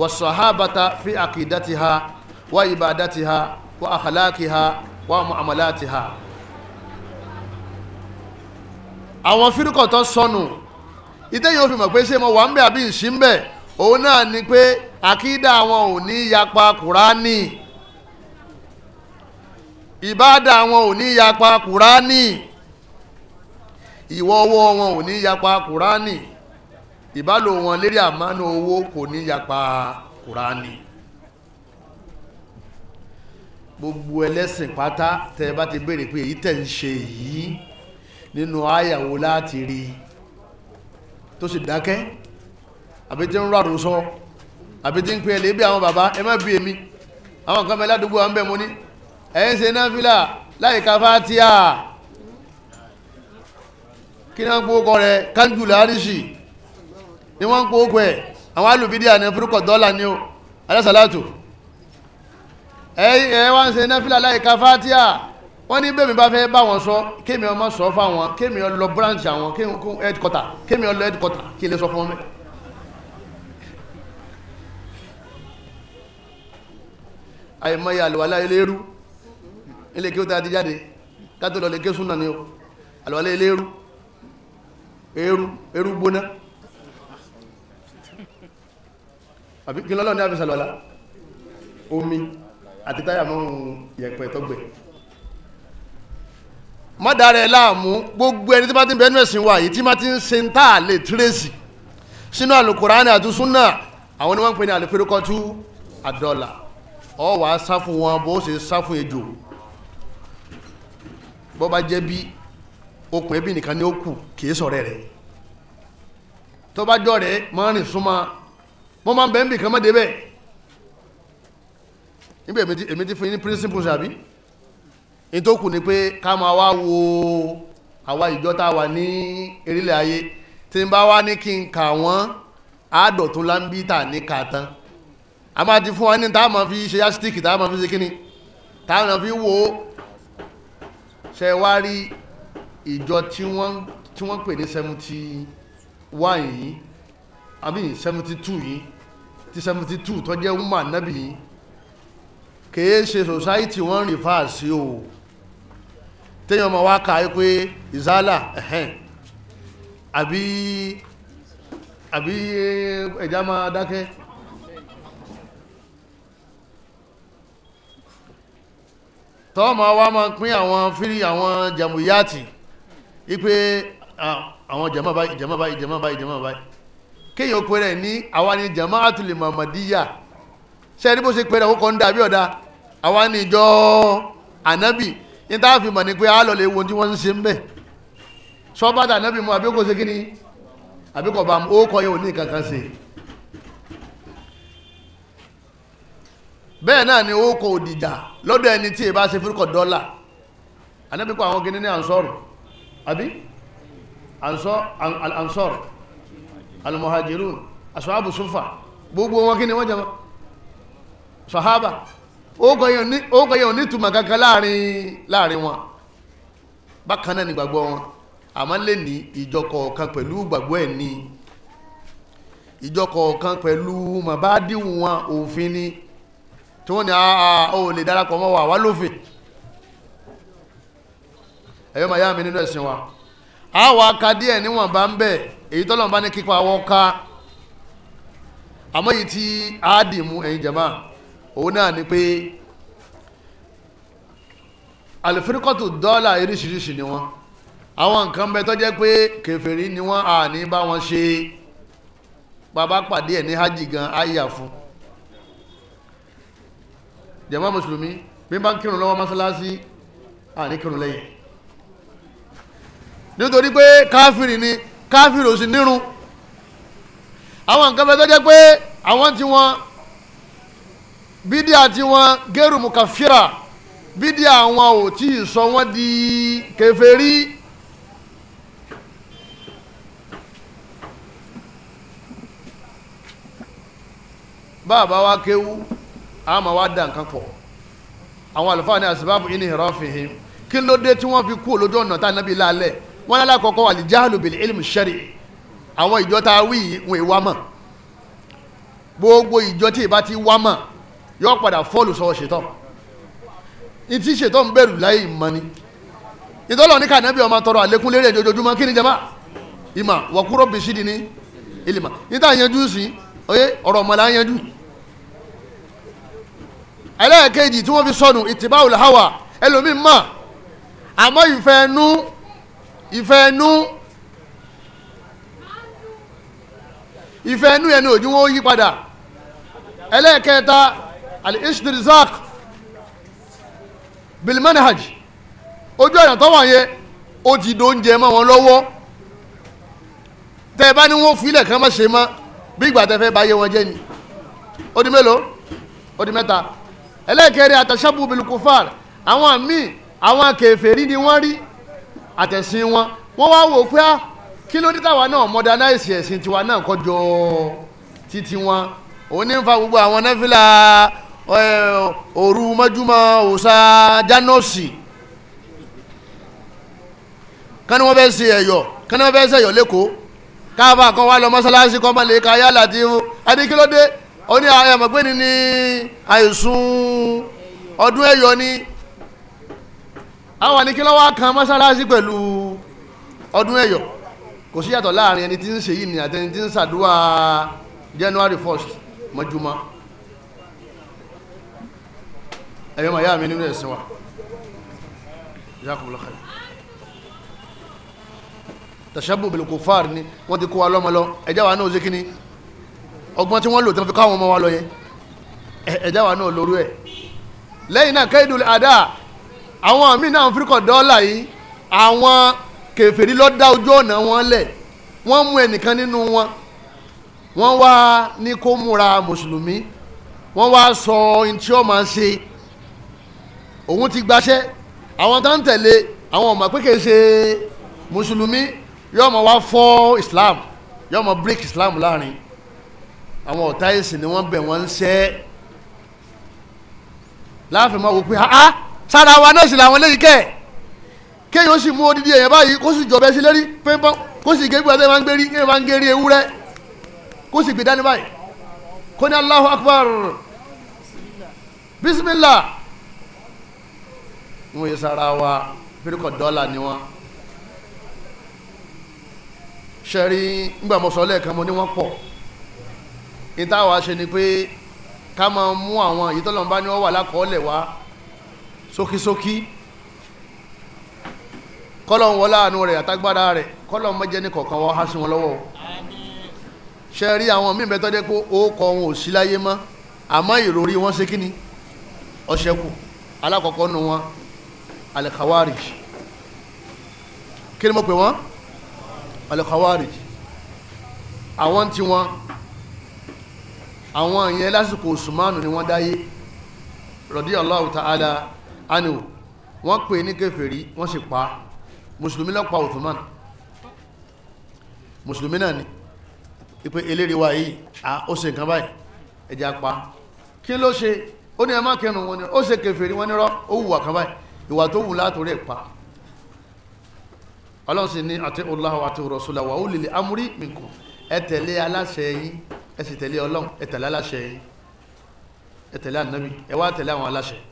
والصحابة في عقيدتها وعبادتها وأخلاقها ومعاملاتها àwọn fírikọ̀ tó sọnù ìtẹ́yìn òfin mọ̀ pé ṣé mo wà ń bẹ̀ àbí ìṣí ń bẹ̀ òun náà ni pé àkídà wọn ò ní yapa kùránì ìbádà wọn ò ní yapa kùránì ìwọ́wọ́ wọn ò ní yapa kùránì ìbálò wọn lérí àmánà owó kò ní yapa kùránì gbogbo ẹlẹ́sìn pátá tẹ́ bá ti béèrè pé èyí tẹ́ ń ṣe yìí nínú àyàwó láti rí tó sì dákẹ́ àbí tí ń rọrùn sọ àbí tí ń pè lébi àwọn bàbá ẹ má bí èmi àwọn kan mẹ́lá dúgbò àwọn bẹ́ẹ̀ mo ní ẹ̀yìn ṣe náfìlà láìka fátíà kí náà gbogbo rẹ̀ kánjú láríṣì ni wọ́n ń pò ókò ẹ̀ àwọn alùbídíà ní fúrúkọ̀ dọ́là ní o alẹ́sàlátù ẹ wá ń ṣe nẹ́fìlà láìka fatia wọ́n ní bẹ́ẹ̀ mi bá fẹ́ bá wọn sọ kémi ọmọ sọ fáwọn kémi ọlọ branch àwọn kémi headquarter kémi ọlọ headquarter kí lè sọ fún mi. àìmọye àlùwalá eléérú ilé kí ó ta ti jáde kátó lọ lè ké súnà ni o àlùwalá eléérú eérú eérú gbóná. àbí kí lọ́lọ́ ní àfisà lọ́la omi àti táyà mọ́ ohun yẹ̀pẹ̀ tọ́gbẹ̀ mọ́dàrẹ̀ láàmú gbogbo ẹni tí bá ti ń bẹ́ẹ̀ nẹ́sìn wà yìí tí bá ti ń ṣe ń tà lè tírèsì sínú àlùkùránì àti súnà àwọn ni wọ́n ń pè ní àlùfẹ́rẹ́kọ́tù àdọ́là ọ wà á sá fún wọn bó ṣe sá fún ejò bó bá jẹ́ bí okùn ẹbí nìkan ni ó kù kì í sọ̀rẹ́ rẹ̀ tó bá jọ rẹ̀ mọ́rin súnmọ́ mo máa ń bẹ́ẹ̀ ń bì kan mọ́dé bẹ́ẹ̀ níbi èmi ti fún yín ní principles àbí ní tó kù ni pé ká máa wá wo àwa ìjọ tá a wà ní erílẹ̀ ayé tí n bá wá ní kí n kà wọ́n àádọ́tún lámbítà ní kàtán a máa ti fún wa ní tá a máa fi ṣe yásítìkì tá a máa fi ṣe kíni tá a máa fi wo ṣe wá rí ìjọ tí wọ́n pè ní seventy one yìí àbí seventy two yìí ti seventy two tó jẹ́ umar nabi yìí kèé ṣe society wọ́n rìn fáà sí o téèyàn ọmọ wa kà á pé ìzálà ẹ̀hẹ́n àbí àbí eh, ẹ̀já máa dákẹ́. tọ́ọ̀mọ̀ wa máa pín àwọn fírí àwọn jàmùyáàtì ipe àwọn jàmọ́ báyìí jàmọ́ báyìí jàmọ́ báyìí jàmọ́ báyìí kéèyàn pe rẹ̀ ní àwa ni jama'atul mamadiyya ṣe ní bó ṣe pe rẹ̀ ó kọ́ ń da bí ọ̀dà àwa ni ìjọ anabi ní tá a fi mọ̀ ní pé a lọ lè wo tí wọ́n ń ṣe ń bẹ̀ sọ́bàtà ànábì mu àbí kò ṣe kí ni àbí kò bá mu ó kọ́ yẹn ò ní kankan ṣe. bẹ́ẹ̀ náà ni ó kọ òdìjà lọ́dọ̀ ẹni tí ìbá ṣe fúrúkọ̀ dọ́là ànábì kọ àwọn kìnínní ansọ́rù àbí ansọ́rù almuhajirun ashabu sufa gbogbo wọn kí ni wọ́n sahaba ó kọ yẹn onítùmọ̀ kankan láàrin láàrin wọn bákan náà ni gbàgbọ́ wọn àmọ́ lè ní ìjọ kọ̀ọ̀kan pẹ̀lú gbàgbọ́ ẹ̀ ní ìjọ wọn òfin ni tí wọ́n ní àà ó lè darapọ̀ mọ́ wa wá lófin ẹ̀yọ́ màá nínú ẹ̀sìn wa ń èyí tọ́lọ́run bá ní kípa wọ́n ká àmọ́ yìí tí a dì mú ẹ̀yin jama òun náà ni pé àlùfíríkọ́tù dọ́là oríṣiríṣi ni wọ́n àwọn nǹkan bẹ tó jẹ́ pé kèfèrí ni wọ́n à ní bá wọn ṣe bàbá pàdé ẹ̀ ní hajj gan àyà fún jama mùsùlùmí bí n bá ń kírun lọ́wọ́ mọ́sálásí à ní kírun lẹ́yìn nítorí pé káfírin ni káfíìrì ò sì nírun àwọn nǹkan bẹ tó jẹ́ pé àwọn tí wọ́n bídíà tí wọ́n gẹ́rù mùkàfíà bídíà àwọn ò tí ì sọ wọ́n di kèfèrí. báàbá wa kéwú àmà wa dà nǹkan pọ̀ àwọn àlùfáà ní àsìbáàbù ìní ìrọ́fìhìn kí ló dé tí wọ́n fi kú òlójú ọ̀nà tá a nábì lálẹ́ wọ́n lálẹ́ àkọ́kọ́ àlìjáàlù bil ilm shar'i àwọn ìjọ tá a wí yìí wọn èèwà mọ̀ gbogbo ìjọ tí ìbá ti wá mọ̀ yọ padà fọ́ọ̀lù sọ ṣètọ́ ní tí ń bẹ̀rù láyé ìmọ̀ ìtọ́lọ̀ ní kànáàbí ọmọ tọrọ àlékún lérè ojoojúmọ́ kí ni jẹba ìmọ̀ wọ̀kúrọ̀ bí sídi ní ìlìmọ̀ níta yanjú sí oyé ọ̀rọ̀ ọmọ yanjú ẹlẹ́ẹ̀kejì tí wọ́n fi sọnù ìtìbáwò làwà ẹlòmíì mọ̀ àmọ́ ìfẹ́ nú ìfẹ́ ẹnu ìfẹ́ ẹnu yẹn ni òjú wọn ó yí padà ẹlẹ́ẹ̀kẹta al-ishtirzaq bilmanhaj ojú ọ̀nà tó wà yẹn ó ti do oúnjẹ mọ́ wọn lọ́wọ́ tẹ́ ẹ bá ní wọ́n filẹ̀ kan má ṣe mọ́ bí ìgbà tẹ́ fẹ́ bá yé wọn jẹ́ ni ó di mélòó ó di mẹ́ta ẹlẹ́ẹ̀kẹrin àtàṣàbù bilkufar àwọn míì àwọn kèfèrí ni wọ́n rí àtẹ̀sìn wọn wọ́n wá wò pé ah, kí ló dé táwa náà modernize ẹ̀sìn tiwa náà kọjọ títí wọn òun ní fa gbogbo àwọn nẹ́fìlà òru mọ́júmọ́ òòṣà jánọ́ọ̀sì kánú wọn fẹ́ ṣe ẹ̀yọ̀ kánú wọn fẹ́ ṣe ẹ̀yọ̀ lẹ́kọ̀ọ́ káàbà kan wá lọ mọ́sálásí kan mọ́ lè ka yálà tí ó ẹni kí ló dé ó ní àyàmọ̀gbẹ́ni ah, ní àìsùn ọdún ẹ̀yọ̀ ni àwọn àníkí lọ́wọ́ kan mọ́sálásí pẹ̀lú ọdún ẹ̀yọ̀ kò sí yàtọ̀ láàrin ẹni tí ń ṣe yìí ni àti ẹni tí ń ṣàdúrà January first, st mọ́júmọ́ ẹ̀yọ́ màá yá mi nínú ẹ̀sìn wa jákòó lọ́kàn tàṣàbù bil kufar ni wọ́n ti kó wa lọ́mọ ẹ̀já wa náà ó ṣe kí ni ọgbọ́n tí wọ́n lò tí wọ́n fi káwọn ọmọ wa lọ yẹn ẹ̀já wa náà lóru ẹ̀ lẹ́yìn náà kaidul ada àwọn àmì náà áfíríkà dọ́là yìí àwọn kèfèrí ló dá ojú ọ̀nà wọn lẹ̀ wọ́n mú ẹnìkan nínú wọn wọ́n wá ní kó múra mùsùlùmí wọ́n wá sọ ohun tí ó máa ṣe òun ti gbaṣẹ́ àwọn tó ń tẹ̀lé àwọn ọmọ pé kì í ṣe mùsùlùmí yóò máa wá fọ́ Islam yóò máa break Islam láàrin àwọn ọ̀tá ẹ̀sìn ni wọ́n bẹ̀ wọ́n ń ṣẹ́ láàfin máa wò pé ah ah sára wa náà sì làwọn eléyìí kẹ́ kéèyàn ó sì mú odidi èèyàn báyìí kó sì jọbẹ sí lérí pínpọ́n kó sì gé gbígbà tó máa ń gbérí kéèyàn máa ń gérí ewúrẹ́ kó sì gbé dání báyìí kó ní Allahu Akbar bisimilah wọn yẹ sára wa fírikọ dọ́là ni wọn sẹ́rí ńgbà mo sọ lẹ́ẹ̀kan mo ní wọ́n pọ̀ ìtawà ṣe ni pé ká máa mú àwọn ìtọ́lọ́mbá ni wọ́n wà lákọọ́lẹ̀ wá sókísókí kọ́lọ̀n wọlá àánú rẹ̀ àtagbára rẹ̀ kọ́lọ̀n mọ́jẹ́ ní kọ̀ọ̀kan wọ́n há sí wọn lọ́wọ́ ṣe rí àwọn míì bẹ́tọ́ dé pé ó kọ wọn ò sí láyé mọ́ àmọ́ ìròrí wọn ṣe kíni ọ̀ṣẹ́kù alákọ̀ọ́kọ́ nu wọn alikawarij kí ni mo pè wọ́n alikawarij àwọn tí wọn àwọn ìyẹn lásìkò Usmanu ni wọ́n dáyé radiyallahu ta'ala anhu wọ́n pè ní kèfèrí wọ́n sì pa mùsùlùmí ló pa Uthman mùsùlùmí náà ni ipe eléri wa yìí a ó ṣe nǹkan báyìí ẹja pa kí ló ṣe ó ní ẹ má kẹnu wọn ni ó ṣe kèfèrí wọn ni ó wùwà kan báyìí ìwà tó wù látòrí ẹ̀ ọlọ́run sì ní àti Allahu àti Rasula wa ulil amri minkum ẹ tẹ̀lé aláṣẹ yín ẹ sì tẹ̀lé ọlọ́run ẹ tẹ̀lé aláṣẹ yín ẹ tẹ̀lé àwọn aláṣẹ yín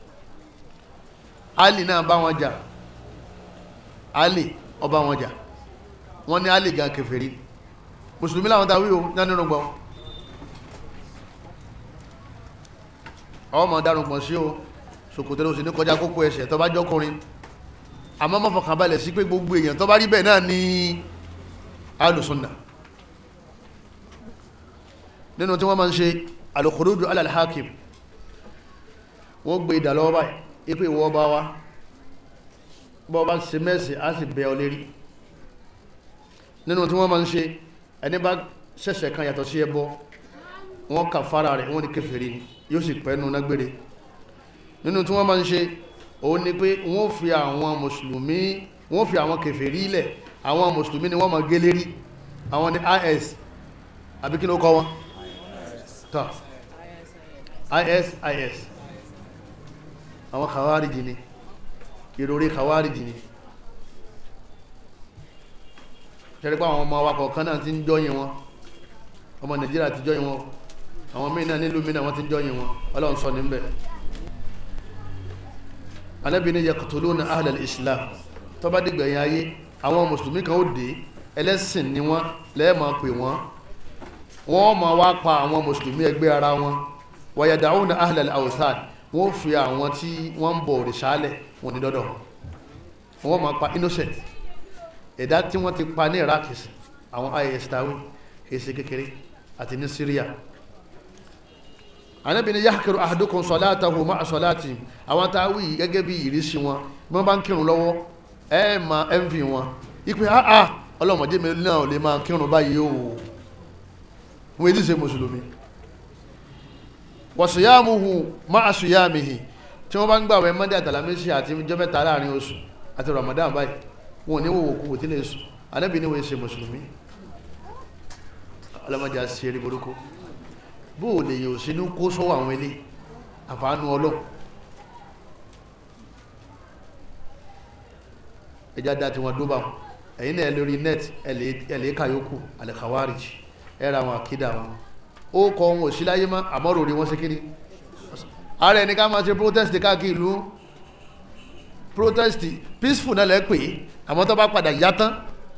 ali náà bá wọn jà ali ó bá wọn jà wọ́n ní ali gan kèfèrí mùsùlùmí làwọn tàwí o náà nínú gbọ́n ọmọ dárùn pọ̀ sí o ṣòkòtò ló sì ní kọjá kókó ẹsẹ̀ tó bá jọkùnrin àmọ́ má fọkàn balẹ̀ sí pé gbogbo èèyàn tó bá rí bẹ́ẹ̀ náà ní alùsùnà nínú tí wọ́n máa ń ṣe alùkùrúdù alàlhákìm wọ́n gbé ìdàlọ́wọ́ báyìí ipò ìwọ ọba wa bọ́ bá ṣe mẹ́sì á sì bẹ ọ lérí nínú tí wọ́n máa ń ṣe ẹni bá ṣẹ̀ṣẹ̀ kan yàtọ̀ sí ẹbọ wọ́n kà fara rẹ̀ wọ́n ní kèfèrí ni yóò sì pẹ́ nu nágbére nínú tí wọ́n máa ń ṣe òun ni pé wọ́n fi àwọn mùsùlùmí wọ́n fi àwọn kèfèrí lẹ̀ àwọn mùsùlùmí ni wọ́n máa gé lérí àwọn ni is àbí kí ló kọ́ wọn tán is is àwọn kàwárìjì ni ìròrí kàwárìjì ni ṣẹ́rípá àwọn ọmọ awakọ̀ kan náà ti ń jọyìn wọn ọmọ nàìjíríà ti jọyìn wọn àwọn míì náà nílùú míì náà wọ́n ti ń jọyìn wọn ọlọ́run sọ níbẹ̀ Ànábì ní yaqtuluna ahlal islam tó bá dìgbẹ̀yìn ayé àwọn mùsùlùmí kan ó dé ẹlẹ́sìn ni wọ́n lẹ́ẹ̀mọ́ pè wọ́n wọ́n máa wá pa àwọn mùsùlùmí ẹgbẹ́ ara wọn wa yad'una ahlal awthan wọ́n fi àwọn tí wọ́n ń bọ òrìṣàlẹ̀ wọn ní dọ́dọ̀ wọ́n máa pa innocent ẹ̀dá tí wọ́n ti pa ní Iraq àwọn is tawí èsì kékeré àti ní Syria Ànábì ní yahkiru ahadukum salatahu ma'a salati àwọn tawí gẹ́gẹ́ bí ìrísí wọn wọ́n bá ń kírun lọ́wọ́ ẹ̀ máa envy wọn ipe àà ah, ah, ọlọ́mọdé mi náà lè máa kírun báyìí o wọ́n ti ṣe mùsùlùmí wàsíyàmùhù máa síyàmìhì tí wọ́n bá ń gbàwẹ̀ mọ́ndé àtàlámẹ́sì àti ìjọ mẹ́ta láàrin oṣù àti ramadan báyìí wọn ò ní wò wòkú òtí lè sùn anábì ní wòye ṣe mùsùlùmí ọlọ́mọdé àṣìṣe eré burúkú bó o lè yòó sínú kó sọ́wọ́ àwọn ilé àfàánú ọlọ́ ẹja dá tiwọn dóbà ẹ̀yin náà lórí net ẹ̀lẹ́kà yòókù alẹ́kàwárìjì ẹ̀ra àwọn àkídà wọn ó kọ ohun òsíláyé mọ́ àmọ́rò rí wọ́n ṣe kiri ààrẹ ní ká máa ṣe protest káàkiri ìlú protest peaceful náà lẹ́ pè é àmọ́ tó bá padà yá tán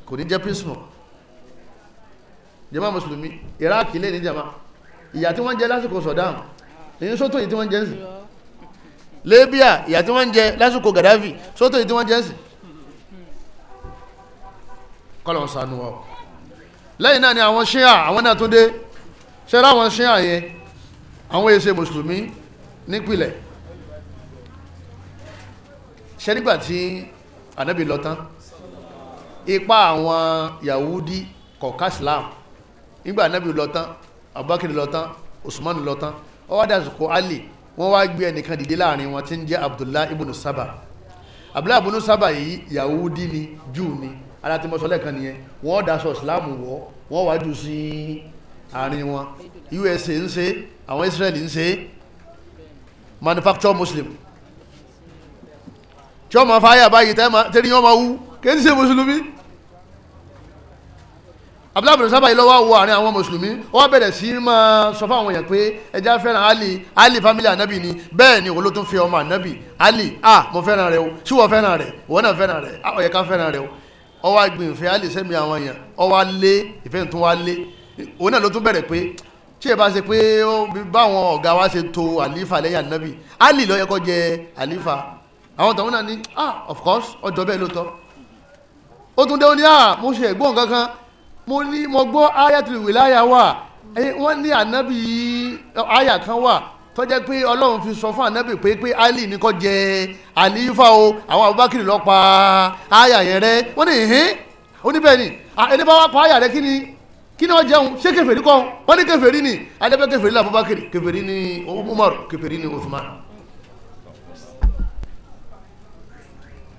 kò ní jẹ́ peaceful jàmá mùsùlùmí iraq lè ní jàmá ìyà tí wọ́n jẹ lásìkò Saddam èyí sọ́tò yìí tí wọ́n jẹ ń sìn Libya ìyà tí wọ́n jẹ lásìkò Gaddafi sọ́tò yìí tí wọ́n jẹ ń sìn kọ́lọ̀ sànù wa lẹ́yìn náà ni àwọn ṣíà àwọn náà tún dé ṣe ráwọn ṣe àyẹ àwọn èsè mùsùlùmí nípìlẹ̀ ṣe nígbà tí ànábì lọ tán ipa àwọn yahudi kọ̀ọ̀ká islam nígbà ànábì lọ tán abubakar lọ tán usman lọ tán ọwọ́ dàsùkò ali wọ́n wá gbé ẹnìkan dìde láàrin wọn tí ń jẹ́ abdullahi ibn saba abdullahi ibn saba yìí yahudi ni júù ni alátimọ̀sọ́lẹ̀ kan nìyẹn wọ́n dáṣọ islam wọ́ wọ́n wájú sí i àárín wọn usa ń ṣe àwọn israel ń ṣe manufacture muslim tí ọmọ fáyà báyìí tẹ́rí yọ́n máa wú kìí ṣe mùsùlùmí abdullahi bin sábà ìlọ́wọ́ wo àárín àwọn mùsùlùmí wọ́n bẹ̀rẹ̀ sí máa sọ fún àwọn èèyàn pé ẹja fẹ́ràn ali ali family anabi ni bẹ́ẹ̀ ni òun ló tún fi ọmọ anabi ali ah mo fẹ́ràn rẹ o sí wọ́n fẹ́ràn rẹ wọ́n náà fẹ́ràn rẹ ó fẹ́ràn rẹ o ó wá gbìn ali sẹ́mi àwọn èèyàn ó wá lé ìfẹ́ tó òun náà ló tún bẹ̀rẹ̀ pé tí ẹ bá ṣe pé báwọn ọ̀gá wa ṣe to àlífà lẹ́yìn ànábì ali ló yẹ kó jẹ àlífà àwọn tàwọn náà ní ah of course ọjọ́ bẹ́ẹ̀ ló tọ́ ó tún dé ó ní ah mo ṣe ẹ̀gbọ́n kankan mo ní mo gbọ́ ayatul wilaya wà wọ́n ní ànábì aya kan wà tó jẹ́ pé ọlọ́run fi sọ fún ànábì pé pé ali ní kó jẹ àlífà o àwọn abubakar ló pa aya yẹn rẹ́ wọ́n ní ìhín oníbẹ̀ ni ah, ẹni bá wà pa aya rẹ kí ni kí ni wọ́n jẹun ṣé kèfèrí kọ́ wọ́n ní kèfèrí ni adẹ́bẹ́ kèfèrí la Abubakar kèfèrí ni Umar kèfèrí ni Uthman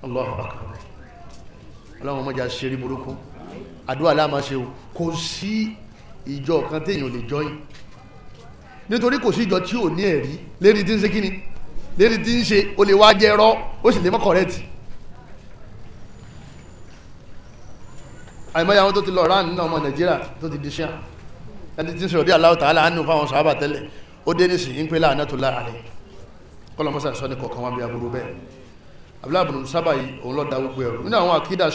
Allahu Akbar ọlọ́run mọ́jà ṣe rí burúkú àdúrà láàmà ṣe o kò sí ìjọ kan téèyàn lè jọyìn nítorí kò sí ìjọ tí ò ní ẹ̀rí lérí tí ń ṣe kíni lérí tí ń ṣe o lè wá jẹ́ rọ́ ó sì lè mọ́ kọ̀rẹ́tì àìmọ́ ìyàwó tó ti lọ rán nínú ọmọ nàìjíríà tó ti di ṣíà ẹni tí ń sọ̀rọ̀ bí Allahu Ta'ala àánú fáwọn sàábà tẹ́lẹ̀ ó dé ní sìn ń pè láàánú tó láàrin kọlọmọsà sọ ní kọ̀ọ̀kan wọn bí aburú bẹ́ẹ̀ abúláàbùn sábà yìí òun lọ́ọ́ da gbogbo ẹ̀rù nínú àwọn àkídà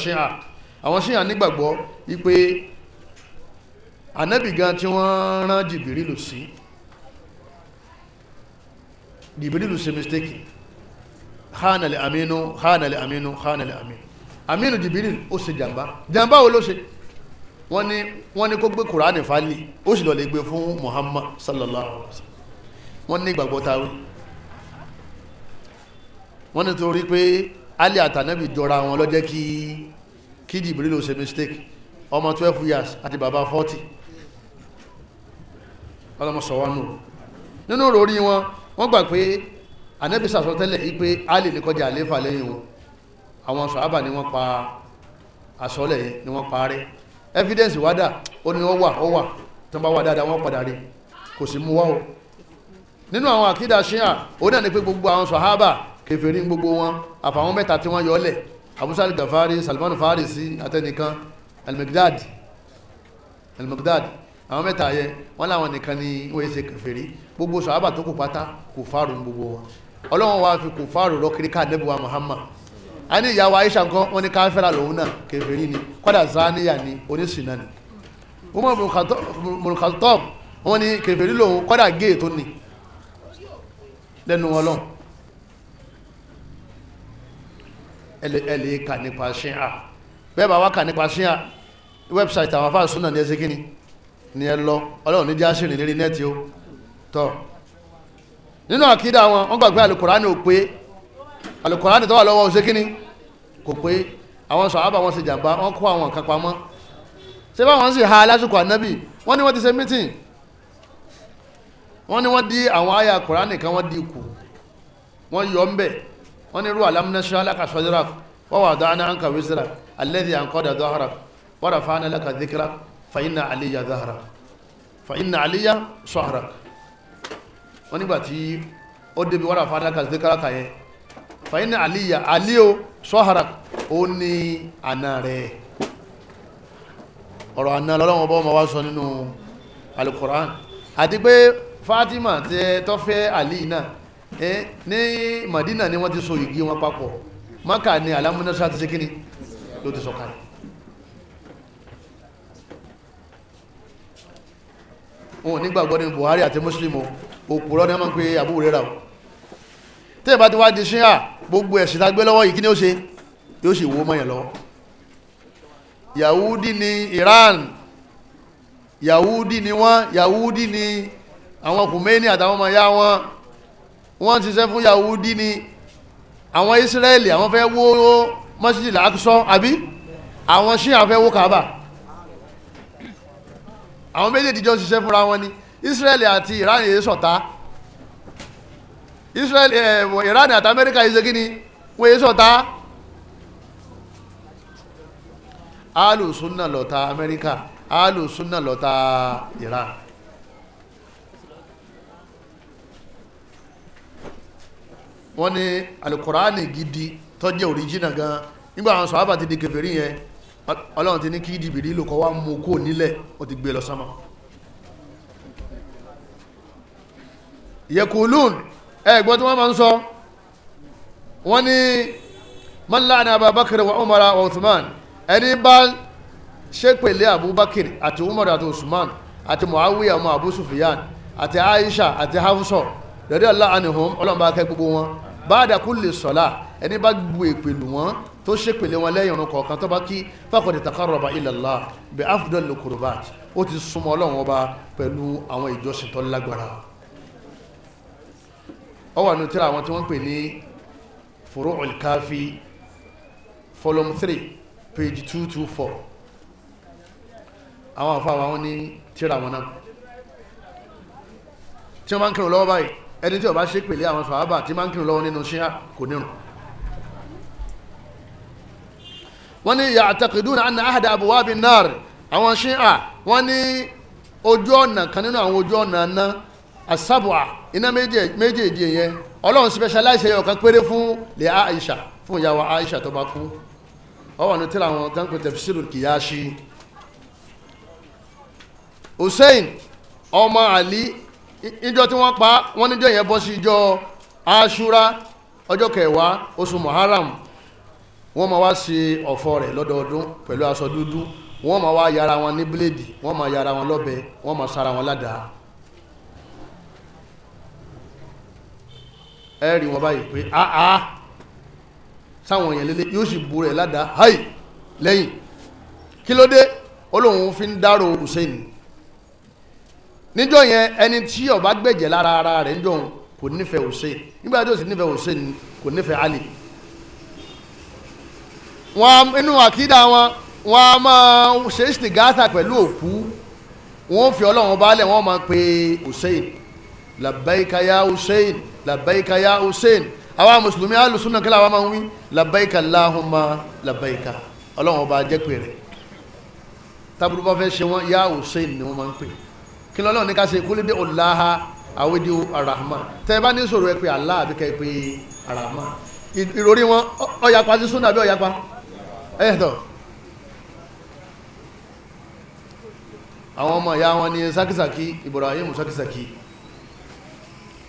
aminu jibiril ó ṣe jàǹbá jamba, wo ló ṣe wọ́n ní wọ́n ní kó gbé kuraani fali ó sì lọ lè gbé fún muhammad sallallahu alaihi wa sallam wọ́n ní ìgbàgbọ́ ta wí wọ́n ní torí pé ali àtànẹ́bì jọra wọn ló jẹ́ kí kí jibiril ó ṣe mistake ọmọ twelve years àti bàbá forty ọlọmọsọwọnù nínú ròrí wọn wọ́n gbà pé ànẹ́bì sàsọtẹ́lẹ̀ yìí pé ali ní kọjá àléfà lẹ́yìn wọn àwọn sàhábà ni wọ́n pa àsọ́lẹ̀ yẹn ni wọ́n parẹ́ evidence wádà ó ní wọ́n wà ó wà tán bá wà dáadáa wọ́n padà rí kò sí mú wá o nínú àwọn àkídà ṣíà ó náà ni pé gbogbo àwọn sàhábà kèfèrí gbogbo wọn àfàwọn mẹ́ta tí wọ́n yọlẹ̀ abusal gafari salman farisi atẹnikan elmigdad elmigdad àwọn mẹ́ta yẹ wọ́n láwọn nìkan ni wọ́n yẹ ṣe kèfèrí gbogbo sàhábà tó kù pátá kò fárùn gbogbo wọn ọlọ́wọ́n wá fi kò fárùn rọ́kiri ká muhammad a ní ìyàwó Aisha nǹkan wọn ní káfíra lòun náà kèfèrí ni kọ́dà zaniya ni oníṣìnà ni Umar murkatom wọn ní kèfèrí lòun kọ́dà géè tó ni lẹ́nu ọlọ́run ẹlẹ́ kà nípa ṣíà bẹ́ẹ̀ bá wá kà nípa ṣíà wẹ́bsáìtì àwọn afáà súnà ní ẹsẹ̀ kíni ni ẹ lọ ọlọ́run ní jásìrì lérí nẹ́ẹ̀tì ó tọ́ nínú àkídà wọn wọ́n gbàgbé àlùkùránì ò pé alukurani tó wà lọ́wọ́ ṣé kíni kò pé àwọn sàhábà wọn ṣe jàmbá wọn kó àwọn nǹkan pamọ́ ṣé báwọn sì ha lásìkò ànábì wọ́n ní wọ́n ti ṣe mítìn wọ́n ní wọ́n di àwọn àyà kurani kan wọ́n di kù wọ́n yọ ń bẹ̀ wọ́n ní irú alámúnáṣẹ́ alákàṣọ́jọ́ra wọ́n wà dáná ànkà wíṣíra alẹ́dì ànkọ́dà dọ́hara wọ́n rà fáánà lẹ́ka fàyínà àlíyà dọ́hara fàyínà àlíyà sọ́hara wọ́n nígbà tí ó débi wọ́n rà fáánà lẹ́ka kàyẹn fàyín àlíyà àlíò sọ́hara ó ní àna rẹ̀ ọ̀rọ̀ àna lọ́lọ́wọ́ bọ́ ma wá sọ nínú alukoran àti pé Fatima tẹ tọ́fẹ́ àlí náà ní Madina ni wọ́n ti so igi wọn papọ̀ Maka ni alamúnásá ti ṣe kíni ló ti sọ̀kalẹ̀ wọn ò nígbàgbọ́ ní Buhari àti Muslim o òpùrọ́ ni wọ́n máa ń pe Abu Hurairah o tí ìbá ti wá di ṣíà gbogbo ẹ̀sìn tá gbé lọ́wọ́ yìí kí ni ó ṣe yóò sì wó mọ́yàn lọ́wọ́ yahudi ni Iran yahudi ni wọ́n yahudi ni àwọn kùmẹ́ni àtàwọn ọmọ ya wọn wọ́n ti ṣiṣẹ́ fún yahudi ni àwọn Israeli àwọn fẹ́ wó mọ́sídìí làákùsọ àbí àwọn ṣíà fẹ́ wó Kaaba àwọn méjèèjì jọ ṣiṣẹ́ fúnra wọn ni Israeli àti Iran yìí sọ̀tá Israel ẹ̀ eh, Iran àti america yìí ṣe kí ni wọ́n yé sọ̀tá alùsùnà lọ̀tá Amẹ́ríkà alùsùnà lọ̀tá Iran wọ́n ní alukùránì gidi tọ́jẹ́ òríjìnà gan nígbà àwọn sọ̀hábà ti di kèfèrí yẹn ọlọ́run ti ní kí ẹ̀gbọ́n tí wọ́n máa ń sọ wọ́n ní man la'ana abubakar wa umar wa usman ẹni bá ṣépèlé abubakar àti umar àti usman àti muawiya ọmọ abu sufiyan àti aisha àti hafsọ lọ́dẹ̀ allah anihum ọlọ́mọba akẹ́ gbogbo wọn báàdà kulli sọ̀lá ẹni bá bu èpèlú wọn tó ṣépèlé wọn lẹ́yìn kọ̀ọ̀kan tó bá kí faqad taqarraba ila Allah bi afdal ó ti súnmọ́ ọlọ́run ọba pẹ̀lú àwọn ìjọsìn tó lágbára ó wà nínú tírà àwọn tí wọ́n ń pè ní Furu'ul Kafi volume three page two two four àwọn àfa àwọn ní tírà wọn náà tí wọ́n bá ń kírun lọ́wọ́ báyìí ẹni tí ó bá ṣe pẹ̀lẹ́ àwọn sàhábà tí máa ń kírun lọ́wọ́ nínú ṣíà kò nírun wọ́n ní yàtàkìdúnà àná àhàdà àbúwábì náà àwọn ṣíà wọ́n ní ojú ọ̀nà kan nínú àwọn ojú ọ̀nà náà asábùà iná méjèèjì yẹn ọlọ́run specialize yẹn ọ̀kan péré fún lè Aisha fún ìyàwó Aisha tó bá kú ọwọ́ ní tí àwọn tán pé tafsirul Kiyashi Hussein ọmọ Ali ìjọ tí wọ́n pa wọ́n níjọ yẹn bọ́ sí ìjọ Ashura ọjọ́ kẹwàá oṣù Muharram wọ́n máa wá ṣe ọ̀fọ̀ rẹ̀ lọ́dọọdún pẹ̀lú aṣọ dúdú wọ́n máa wá yára wọn ní bíléèdì wọ́n máa yára wọn lọ́bẹ wọ́n máa sára wọn ládàá ẹ̀rì wọn báyìí pé àá ah, ah. sáwọn èèyàn lélẹ̀ yóò sì bu rẹ̀ ládàá háì lẹ́yìn kí ló dé olóhùn fi ń dárò Hussein níjọ́ yẹn ẹni tí ó bá gbẹ̀jẹ̀ lára ara rẹ̀ ń jọun kò nífẹ̀ẹ́ Hussein nígbà tí ó sì nífẹ̀ẹ́ Hussein kò nífẹ̀ẹ́ Ali wọn inú àkídà wọn wọn a máa ṣe é sì gàtà pẹ̀lú òkú wọn ò fi ọlọ́run bá lẹ̀ wọ́n máa pe Hussein labbaika ya hussein labbaika ya hussein àwa mùsùlùmí alùsùnà kí làwọn máa ń wí labbaika allahumma labbaika ọlọ́run ọba jẹ́pẹ̀ rẹ̀ tábùrú bá fẹ́ ṣe wọ́n ya hussein ni wọ́n máa ń pè kí lọ́lọ́run ní ká ṣe kúlídé ọ̀làhà àwédìí arahman tẹ́ ẹ bá ní sọ̀rọ̀ ẹ pé allah àbí kẹ́ ẹ pé arahman ìròrí wọn ọ̀yàpá sí súnà àbí ọ̀yàpá ẹ̀yẹ̀tọ̀ àwọn ọmọ ìyá wọn ni sakisaki ibrahim sakisaki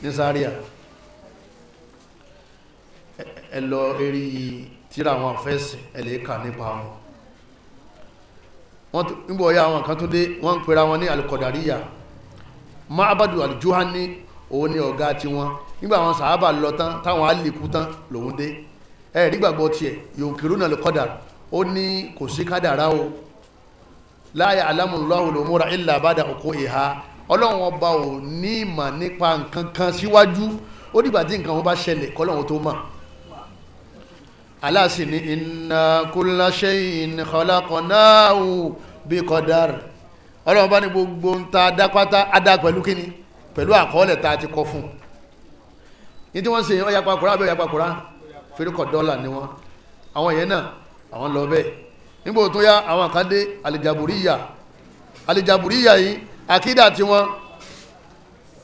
ní sáríà ẹ lọ eré tíra àwọn afẹ́sì ẹ̀lẹ́ kà nípa wọn wọ́n nígbà ọ̀yá àwọn kan tó dé wọ́n ń pera wọn ní alukọ̀dàríyà mahabadu alijuhani òun ni ọ̀gá tiwọn nígbà àwọn sàábà lọ tán táwọn alìkú tán lòun dé ẹ̀ nígbàgbọ́ tiẹ̀ yòókìrú náà lọ́kọ̀dà ó ní kò sí kádàrá o láyà alámùlọ́wò lòmúra ìlà bàdà òkú ìhà ọlọ́run ọba ò ní ìmọ̀ nípa nǹkan kan síwájú ó dìgbà tí nǹkan wọn bá ṣẹlẹ̀ kọ́lọ́run tó mọ̀ aláàsì ni inna kulla shay'in khalaqnahu bi qadar ọlọ́run bá ní gbogbo ń ta adápátá adá pẹ̀lú kíni pẹ̀lú àkọọ́lẹ̀ tá a ti kọ fún un ní tí wọ́n ṣe ọ̀yà pakùrá àbẹ̀ ọ̀yà pakùrá fẹ́rẹ́kọ̀ dọ́là ni wọ́n àwọn yẹn náà àwọn lọ bẹ́ẹ̀ nígbà tó yá àwọn kan dé alìjàbùríyà alìjàbùríyà yìí àkídà tí wọ́n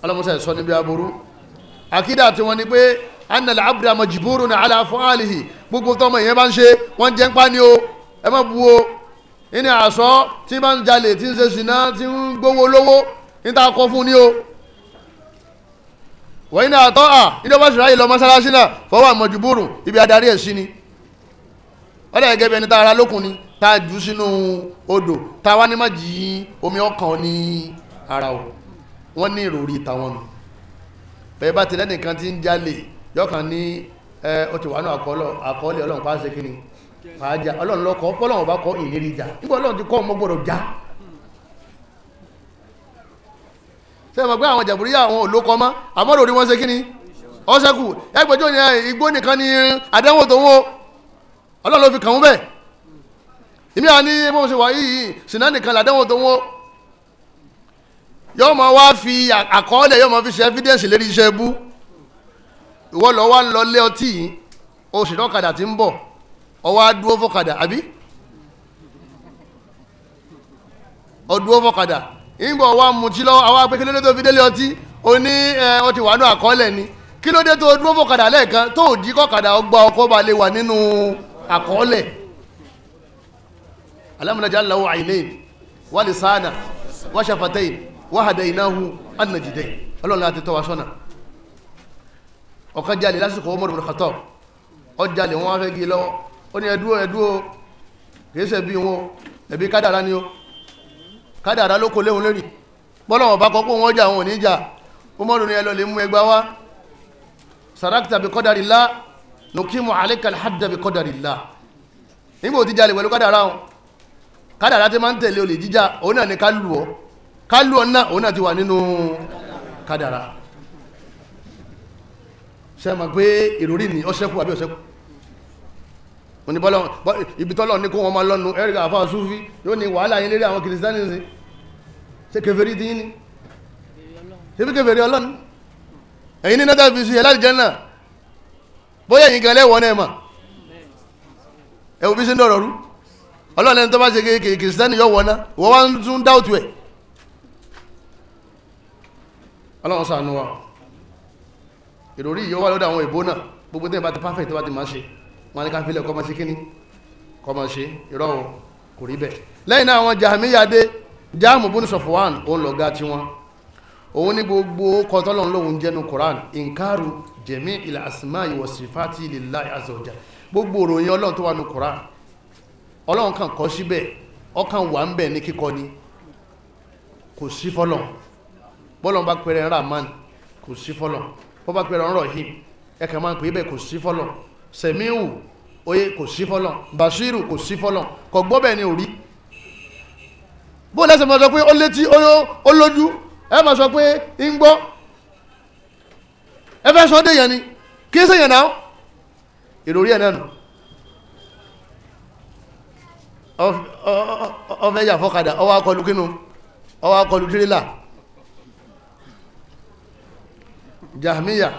ọlọ́mọsẹ̀ sọ níbi aburú àkídà tí wọ́n ni pé annal abdul majiburu na ala fún alihi gbogbo tọmọ ìyẹn bá ń ṣe wọ́n jẹ́ ń pa ni o ẹ má bu o ní àṣọ tí bá ń jalè tí ń ṣe ṣìnà tí ń gbowó lówó níta kọ fún ni o wọ́n iná àtọ́ à nílò bá ṣùráyè lọ mọ́ṣáláṣí náà fọwọ́ àmọ̀jùbùrù ibi adarí ẹ̀ sí ni ọ̀dà gẹ́gẹ́ bí ẹni tá ara lókun ni tá a jù sínú odò tá a wá ní májì omi ọkàn ní ara o wọ́n ní ìròrí tàwọn nù bẹ́ẹ̀ bá ti lẹ́nìkan ti ń jalè yọkàn ní ẹ ó ti wà ní àkọọ́lẹ̀ ọlọ́run pàṣẹ kí ni fàájà ọlọ́run lọ́kọ̀ ọlọ́run bá kọ́ ìlérí ìjà nígbà ọlọ́run ti kọ́ ọmọ gbọ́dọ̀ já sẹ́mọ̀ pé àwọn jàbúrí àwọn olókọ mọ́ àmọ́ lórí wọn ṣe kí ni ọ̀ṣẹ́kù ẹgbẹ́jọ́ ni igbó nìkan ni àdánwò tòun o ọlọ́run ló fi kàn wọ́n bẹ́ẹ̀ ìmí àní bó ṣe wà yìí sinna nìkan làdánwò tó wọ́n yóò máa wá fi àkọọ́lẹ̀ yóò máa fi ṣe evidence lérí iṣẹ́ bú ìwọ lọ wá ń lọ lé ọtí yìí oṣù lọ́kadà ti ń bọ̀ ọwọ́ á dúró fọ́kadà àbí ọdúró fọ́kadà ìgbà ọwọ́ amutí lọ́wọ́ àwọn apẹ́kẹ́ lóde fi délé ọtí ó ní ọtí wà nù àkọọ́lẹ̀ ni kí ló dé tó dúró fọ́kadà lẹ́ẹ̀kan tó ò dí kọ́kadà ọgbà ọkọ̀ balẹ̀ wà nínú àkọọ́lẹ̀ alamuna jalla wa ainain wa lisana wa shafatain wa hadainahu an najidain ọlọ́run láti tọ́ wa sọ́nà ọ̀kan jalè lásìkò Umar ibn Khattab ó jalè wọn fẹ́ gé e lọ́wọ́ ó ní ẹdúró ẹdúró kìí ṣe bí wọn ẹbí kádàrá ni ó kádàrá ló kó léhun lórí bọ́lọ̀wọ̀n bá kọ́kọ́ wọn jà wọn ò ní ní ẹlọ lè mú ẹgbá wá sarakta bi qadarillah nukimu alayka alhadda bi qadarillah nígbà ó ti jalè pẹ̀lú kádàrá wọn kádàrá tí máa ń tẹ̀lé olè jíjà òun náà ni ká lù ọ́ ká lù ọ́ náà òun náà ti wà nínú kádàrá ṣe mọ̀ pé ìròrí ni ọ̀ṣẹ́kù àbí ọ̀ṣẹ́kù oníbọ́lọ́ ibi tọ́lọ́ ní kó wọn máa lọ́nu eric afa sufi yóò ní wàhálà yín lérí àwọn kìrìsìtánì sí ṣe kèfèrí ti yín ni ṣe fi kèfèrí ọlọ́ni ẹ̀yin ní nọ́tà fi ṣe jẹ́nà bóyá ẹ̀yin gan lẹ́wọ̀n náà mà ẹ̀wọ̀n bí ń dọ̀rọ̀ ọlọ́run ẹni tó bá ṣe kéèké kìrìsìtẹ́nì yọ̀ wọ́ná ìwọ wá ń tún dáùtù ẹ̀ ọlọ́run ṣàánú wa ìròrí yìí wà lọ́dọ̀ àwọn ìbò náà gbogbo tẹ́yìn bá ti perfect tó bá ti máa ṣe wọn ni ká fi lẹ̀ kọ́ máa ṣe kíní kọ́ máa ṣe irọ́ wọn kò rí bẹ́ẹ̀ lẹ́yìn náà àwọn jahamiyade jáàmù bónú sọ̀fọ̀wán òun lọ̀gá tiwọn òun ní gbogbo kọtọ́lọ́n lòun jẹ́nu Quran inkaru jẹ̀mí ilẹ̀ asma'i wa sifati lillahi azza wa jalla gbogbo òròyìn ọlọ́run tó wà ní Quran ọlọ́run kan kọ́ síbẹ̀ ọkàn wà ń bẹ̀ ní kíkọ́ ni kò sí fọ́lọ̀ bọ́lọ̀ bá pẹ̀rẹ̀ ń Rahman kò sí fọ́lọ̀ bọ́ bá pẹ̀rẹ̀ ń Rahim ẹ̀kà máa ń pè é bẹ́ẹ̀ kò sí fọ́lọ̀ Sẹ̀míù oyè kò sí fọ́lọ̀ Bàṣírù kò sí fọ́lọ̀ kò gbọ́ bẹ́ẹ̀ ni ò rí bó lẹ́sẹ̀ máa sọ pé ó létí ó lójú ẹ máa sọ pé ń gbọ́ ẹ fẹ́ sọ dé yẹn ni kí ń sèyàn náà ìròrí ẹ̀ náà nù ọfẹ́ yà ọwọ́ akọlù kínú ọwọ́ akọlù tírélà jahmiya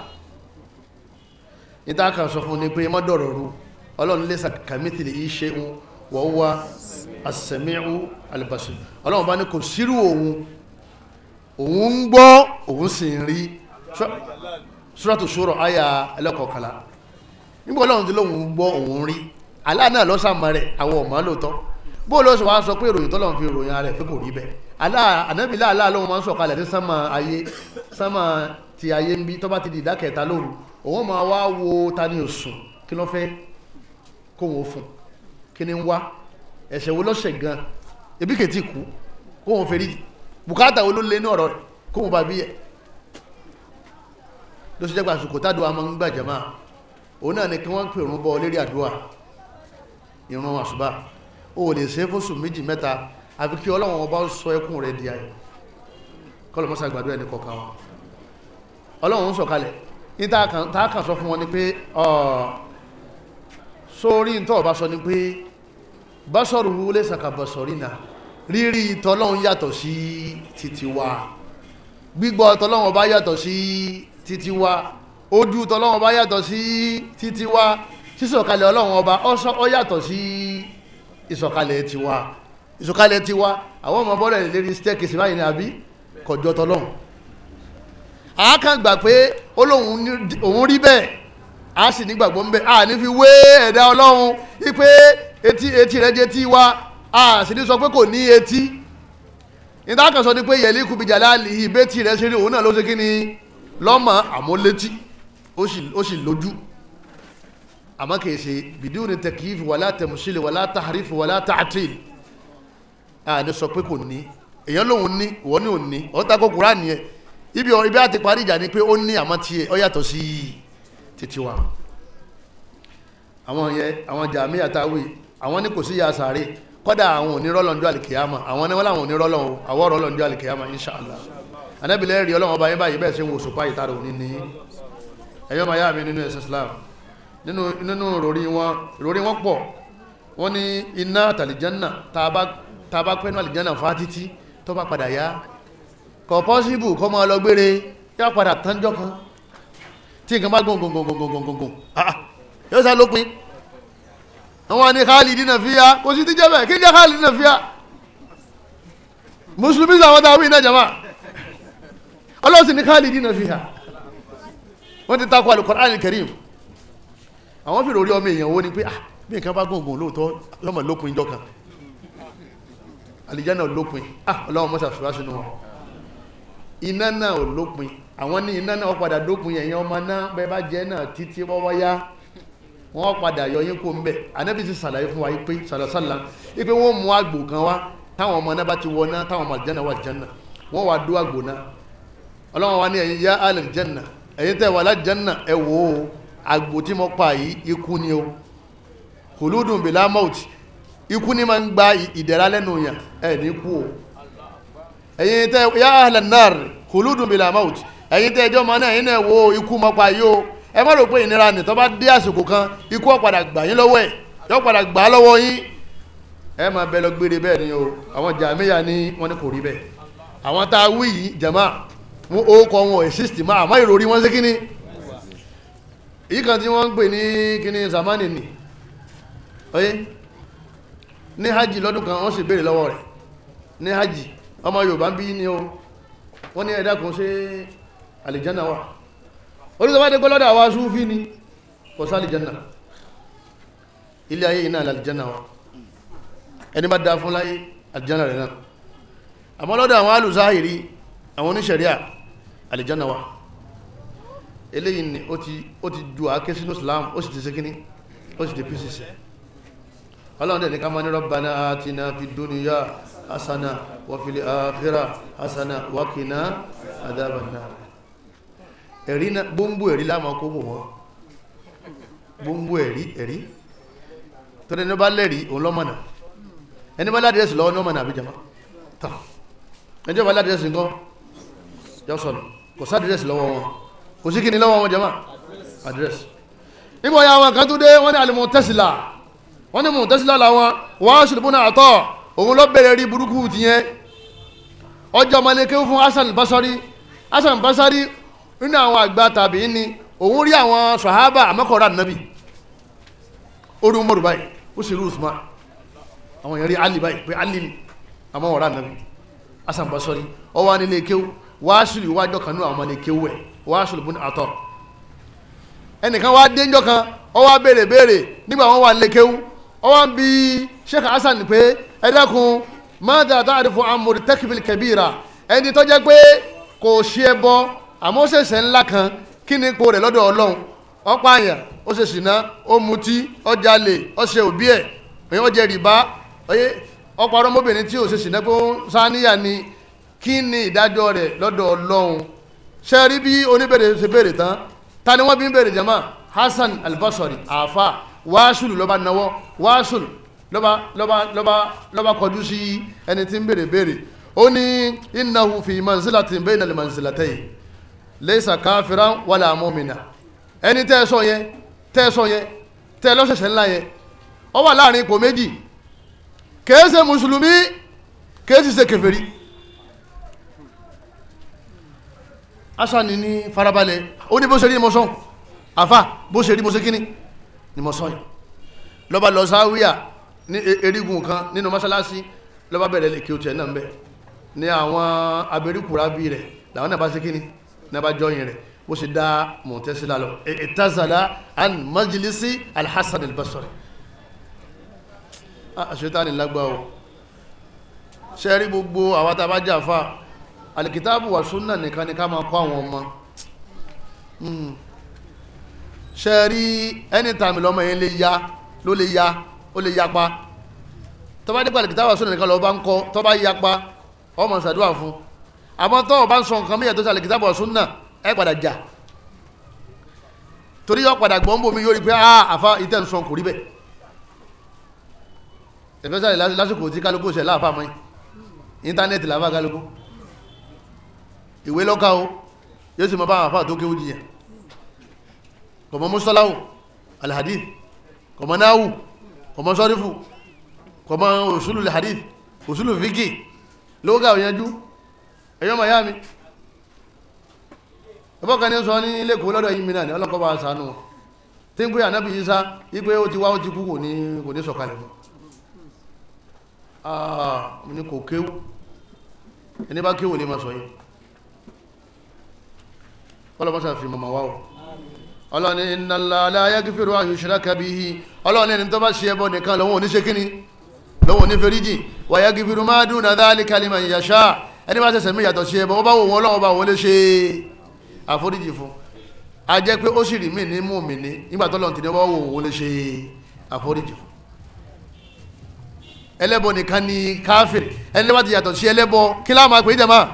ìta sọ fún ní pé mọ́dọ̀rọ̀ rú ọlọ́run lẹ́sà kàmítìlì iṣẹ́ wọ́n wá àsẹ̀míhù alìbàṣì ọlọ́run bá ní kò sírù òun si ń gbọ́ òun sì ń rí ṣúrátù ẹlẹ́kọ̀ọ́kàlá ọlọ́run tí Allah náà lọ́sàmọ́ rẹ̀ àwọn ọ̀mọ́ lóòótọ́ bó ló ṣe wá sọ pé ìròyìn tọ́lọ̀ ń fi ròyìn rẹ̀ pé kò rí bẹ́ẹ̀ anábìlá aláàlọ́wọ́ máa ń sọ̀kalẹ̀ ní sánmà ayé sánmà ti ayé ń bí tó bá ti di ìdákẹta lóru òun máa wá wo ta ni òsùn kí ló fẹ́ kó wọn fún kí ni ń wá ẹ̀ṣẹ̀ wo lọ́sẹ̀ gan ebi kètì kú kó wọn fẹ́ rí bùkátà wo ló lé ní ọ̀rọ̀ rẹ̀ kó wọn bá bí yẹ ló ṣe jẹ́ pàṣẹ kò tá àdúrà máa ń gbàjẹ́ máa òun náà ni kí wọ́n pè òun bọ́ lérí irun àṣùbà o ò lè ṣe é fóṣù méjì mẹ́ta àfi kí ọlọ́run ọba sọ ẹkún rẹ̀ di ayọ̀ kọlọ̀ mọ́sá gbàdúrà ẹni kọ̀ọ̀kan wọn ọlọ́run ń sọ̀kalẹ̀ ní táàkà sọ fún wọn ni pé sórí ń tọ́ ọba sọ ni pé bọ́sọ̀rù wúlé sàkàbọ̀sọ̀rì náà rírí tọ́lọ́run yàtọ̀ sí títí wa gbígbọ́ tọ́lọ́run ọba yàtọ̀ sí títí wa ojú tọ́lọ́run ọba yàtọ̀ sí títí wa sísọ̀kalẹ̀ ọlọ́run ọba ó yàtọ̀ sí ìsọ̀kalẹ̀ tiwa ìsọ̀kalẹ̀ tiwa àwọn ọmọ bọ́ọ̀lẹ̀ lérí staircase báyìí ni àbí kọjọ tọlọ́run àákàn gbà pé ó lóun òun rí bẹ́ẹ̀ a sì nígbàgbọ́ ń bẹ a ní fi wé ẹ̀dá ọlọ́run wípé etí etí rẹ̀ jẹ́ tiwa a sì ní sọ pé kò ní etí ìdákan sọ ni pé yẹ̀lí kùbìjà láàlì ìbẹ́tì rẹ̀ ṣe rí òun náà ló ṣe kí ni lọ́mọ àmúlétí ó sì lójú àmọ́ kìí ṣe bidúni tẹkìífì wàlá tẹmùsílì wàlá tàhàrífì wàlá tààtìl àní sọ pé kò ní èèyàn lòun ní ìwọ ní òun ní ọ̀tá kó Kùránì yẹn ibi ibi àti parí ìjà ni pé ó ní àmọ́ tiẹ̀ ó yàtọ̀ sí títí wa àwọn yẹn àwọn jàmí àtàwí àwọn ní kò sí ya sàárè kọ́dà àwọn ò ní rọ́lọ́njọ́ àlìkìyàmà àwọn níwọ́n làwọn ò ní rọ́lọ́n o àwọ̀ rọ́lọ́njọ́ àlìkìyàmà inṣàlá anábìlẹ̀ rí ọlọ́wọ́n ọba yín báyìí bẹ́ẹ̀ ṣe ń wò sùpá ìtara òní ní ẹ̀yọ́ màyá mi nínú ẹ̀sìn Islam nínú nínú ìròrí wọn ìròrí wọn pọ̀ wọ́n ní iná àtàlìjánà tá a bá pẹ́ ní àlìjánà fún atítí tó bá padà yá kò pọ́síbù kọ́ máa lọ gbére yá padà tánjọ́ kan tí nǹkan bá gùn gùn gùn gùn ah, yóò sá lópin àwọn ni khalidina fiya kò sí ti jẹ́ bẹ́ẹ̀ kí n jẹ́ khalidina fiya mùsùlùmí sàwọn tá a wí iná jama ọlọ́sìn ni khalidina fiya wọ́n ti takò Al-Qur'an Al-Karim àwọn fèrè orí ọmọ èèyàn owó ni pé ah bí nǹkan bá gùngùn lóòótọ́ lọ́mọ lópin ìjọ kan àlìjáná lópin ah ọlọ́run mọ́sà fìwá sínú wọn iná náà ò lópin àwọn ní iná náà padà dópin ẹ̀yàn ọmọ náà bẹ́ bá jẹ́ náà títí wọ́wọ́ yá wọ́n padà yọ yín kó ń bẹ̀ anábì ti sàlàyé fún wa pé sàlàsàlà pé wọ́n mú àgbò kan wá táwọn ọmọ náà bá ti wọná táwọn ọmọ àlìjáná wà wà dó náà ọlọ́run àgbò tí mo pa yìí ikú ni o kòlúdùn bèlá mọ́ọ̀tì ikú ni máa ń gba ìdẹ̀ra lẹ́nu yàn ẹ̀ ní kú o ẹ̀yin tẹ́ yá àlànàr kòlúdùn bèlá mọ́ọ̀tì ẹ̀yin tẹ́ ẹjọ́ máa náà yín náà wo ikú mo pa yìí o ẹ má rò pé ìnira nì tó bá dé àsìkò kan ikú ó padà gbà yín lọ́wọ́ ẹ̀ yó padà gbà á lọ́wọ́ yín ẹ máa bẹ lọ gbére bẹ́ẹ̀ ni o àwọn jàmíyà ni wọ́n ní kò rí bẹ́ẹ̀ àwọn tá a wí yìí jàmá wọn ó kọ wọn ẹ̀ sísìtì máa àmọ́ ìròrí wọn sí kínní èyí kan tí wọ́n ń pè ní kíní zamani ni oye ní hajj lọ́dún kan wọ́n sì béèrè lọ́wọ́ rẹ̀ ní hajj ọmọ yorùbá bí ní o wọ́n ní ẹ̀dá kan ṣe alìjánà wà oníṣẹ́wádé pé lọ́dọ̀ àwa súnfí ni kò sí alìjánà ilé ayé iná alìjánà wà ẹni bá dáa fún láyé alìjánà rẹ̀ náà àmọ́ lọ́dọ̀ àwọn alùsáhìrí àwọn oníṣẹ̀ríà alìjánà wà eléyìí ni ó ti ju àáké sínú islam ó sì ti ṣe kíní ó sì ti pèsè sí ọlọ́run dẹ̀ ní ká máa ní rabbana atina fid dunya hasana wa fil akhirah hasana wa qina adhaban nar ẹ̀rí náà gbóngbó ẹ̀rí láàmà kó wò wọ́n gbóngbó ẹ̀rí ẹ̀rí tó dẹ̀ ní bá lẹ́rí òun lọ́mọ̀nà ẹni bá ládìrẹ́sì lọ́wọ́ ní ọmọ̀nà àbíjàmá tán ẹjọ́ bá ládìrẹ́sì nǹkan jọ́sọ̀nù kò sádìrẹ́sì lọ́wọ́ wọn kò sí kíni lọ́wọ́ wọn jẹ́mà address nígbà ya wọn kan tó dé wọ́n ní al-Mu'tazila wọ́n ní Mu'tazila làwọn wọ́n ṣùgbọ́n náà tọ́ òun lọ bẹ̀rẹ̀ rí burúkú tiyẹn ọjọ́ ọmọlẹ́kẹ́ fún Hasan Basari Hasan Basari nínú àwọn àgbà tàbí ni òun rí àwọn sàhábà àmọ́kọ̀ọ́rà nàbì orí umaru báyìí ó sì rí usman àwọn èèyàn rí ali báyìí pé ali ni àmọ́wọ̀rà nàbì Hasan Basari ọwọ́ nílé kéw wáṣírí kanú àwọn ọmọ ẹ̀ wáṣùlù bùn àtọ̀ ẹnìkan wá déjọ́ kan ó wá béèrè béèrè nígbà wọn wà lékewu ó wá ń bi Sheikh Hasan pé ẹ dákun mọ́tà ta'rifu amòrì tẹ́kìbìlì kẹbíra ẹni tó jẹ́ pé kò ṣe é bọ́ àmọ́ ó ṣẹ̀ṣẹ̀ ńlá kan kí ni kò rẹ̀ lọ́dọ̀ Ọlọ́run ó pààyàn ó ṣe ṣìnà ó mutí ó jalè ó ṣe òbí ẹ̀ òyìn ó jẹ rìbá ó parọ́ mọ́bìnrin tí ò ṣe ṣìnà pé ó sáníyà ni kí ni ìdájọ́ rẹ̀ lọ́dọ̀ Ọlọ́run sẹ́ẹ̀rí bí oníbèrè ṣe béèrè tán ta ni wọ́n bí ń béèrè jama Hasan al-Basri àfa wáṣùlù lọ́ba nawọ́ wáṣùlù lọ́ba lọ́ba lọ́ba lọ́ba kọjú sí ẹni tí ń béèrè béèrè ó ní innahu fi manzilatin bayna al-manzilatayn laysa kafiran wala mu'mina ẹni tẹ́ ẹ sọ yẹn tẹ́ ẹ sọ yẹn tẹ́ ẹ lọ́sẹ̀sẹ̀ ńlá yẹn ó wà láàrin ipò méjì kèé mùsùlùmí kèé sì asani ní farabalẹ̀ ó ní bó ṣe rí mo sọ àfa bó ṣe rí mo ṣe kíní ni mo sọ yìí lọ́ba lọ sáwíà ní e, erigun kan nínú mọ́ṣáláṣí lọ́ba bẹ̀rẹ̀ lè kí o tiẹ̀ náà ń bẹ̀ ní àwọn abẹ́rìkùrábì rẹ̀ làwọn náà bá ṣe kíní náà bá jọyìn rẹ̀ bó ṣe dá mọ̀tẹ́sílá lọ ìtazàlá an majlisi alhassan albasori àṣetánilagba ah, o ṣe rí gbogbo àwọn tá a bá jà fáà alikitaabu wa sunna nìkan ni ká máa kọ́ àwọn ọmọ hmm. ṣe rí anytime lọ́mọ yẹn lè ya ló lè ya ó lè yapa tó bá nípa alikitaabu wa sunna nìkan lọ́ọ́ bá ń kọ́ tó bá yapa ọmọ ṣàdúrà fún àmọ́ tó o bá ń sọ nǹkan mìíràn tó ṣe alikitaabu wa sunna ẹ padà jà torí yọ padà gbọ́n bomi yóò rí pé ah àfa ìtẹ̀ ń sọ kò rí bẹ́ẹ̀ especially lásìkò tí kálukú ṣe láàfà mọ́ yìí íńtánẹ́ẹ̀tì làfà kálukú ìwé lọ́ka o yóò sì mọ́ bá àwọn àfáà tó kéwú jiyàn kọ̀mọ́ mọ́sọ́láwù alhadith kọ̀mọ́ náwù kọ̀mọ́ sọ́rífù kọ̀mọ́ òṣùlù alhadith òṣùlù fíkì lóga òyanjú ẹ̀yọ́ miami ẹ̀bọ́kan ní sọ ní lẹ́kọ̀ọ́ lọ́dọ̀ yìí mìíràn ọlọ́kọ̀ bá sànú tí ń pè ànábì yìí sá wípé ó ti wá ó ti kú kò ní sọ̀kalẹ̀ ah ní kò kéwú ẹni bá kéwú ní ma sọ yìí kọlọmọsà fi mọ̀mọ̀ wá o ọlọ́ni ìnàlá aláyá gífèrò àṣìṣẹ́ra kàbí i ọlọ́ni ẹni tó bá ṣe ẹbọ nìkan lọ́wọ́ oníṣe kíni lọ́wọ́ oníferíjì wàyá gífèrò máa dùn náà dáálì kalima ìyàṣá ẹni bá ṣẹ̀ṣẹ̀ mí yàtọ̀ ṣe ẹbọ ó bá wò wọn lọ́wọ́ bá wọn lè ṣe àforíjì fún a jẹ́ pé ó sì rí mí ní mú mi ní nígbà tó lọ́n ní wọ́n wò wọn lè ṣe àforíjì fún ẹlẹ́bọ nìkan ni káfíìrì ẹni bá ti yàtọ̀ ṣe ẹlẹ́bọ kí láwọn máa jẹ́ máa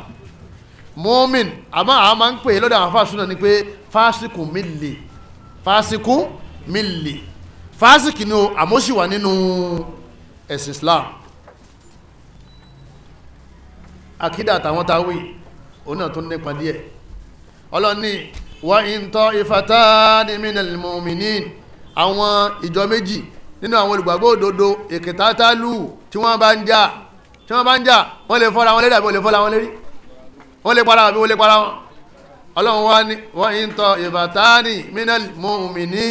mọ́mìn àmọ́ àwọn máa ń pè lọ́dọ̀ àwọn fásitì ní pé fásikù mílì fásikù mílì fásikì ni àmóṣì wà nínú ẹ̀sìn Islam akídà àtàwọn táwì òun náà tó nípa díẹ̀ ọlọ́ni wà ń tọ́ ìfàtà ní mínàlì mọ́mìnì àwọn ìjọ méjì nínú àwọn olùgbàgbọ́ òdodo èkìtátálù tí wọ́n bá ń jà tí wọ́n bá ń jà wọ́n lè fọ́ra wọn lérí àbí wọ́n lè fọ́ra wọn lérí wọ́n lè para wọn bí wọ́n lè para wọn ọlọ́run wá ní wọ́n ń tọ ìbátánì mínẹ́lì mọ́mìnì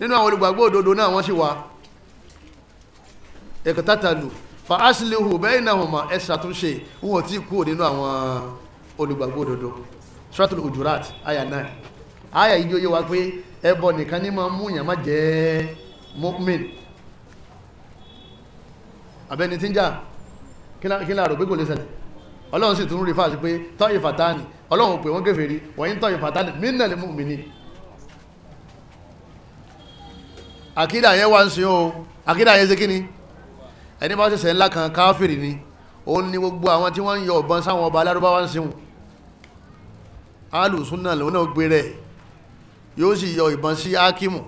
nínú àwọn olùgbàgbọ́ òdodo náà wọ́n sì wá ẹ̀kọ́tàtàlù fa aslihu bainahuma ẹ ṣàtúnṣe wọn ti kú nínú àwọn olùgbàgbọ́ òdodo suratul hujurat aya 9 aya yìí yóò yé wa pé ẹbọ nìkan ní máa mú yàn má jẹ́ mọ́mìn abẹ́ni tí kí láàrò pé kò lè ṣẹlẹ̀ ọlọ́run sì tún rí fáṣí pé tọ́yì fàtánì ọlọ́run pè wọ́n kèfèrí wọ́n yín tọ́yì fàtánì minal mu'minin àkídà yẹn wá ń sin o àkídà yẹn ṣe kí ni ẹni bá ṣẹ̀ṣẹ̀ ńlá kan káfìrì ni òun ni gbogbo àwọn tí wọ́n ń yọ ọ̀bọ̀n sáwọn ọba alárúbáwá ń sinwó alùsúnà lòun náà gbé rẹ̀ yóò sì yọ ìbọn sí ákímù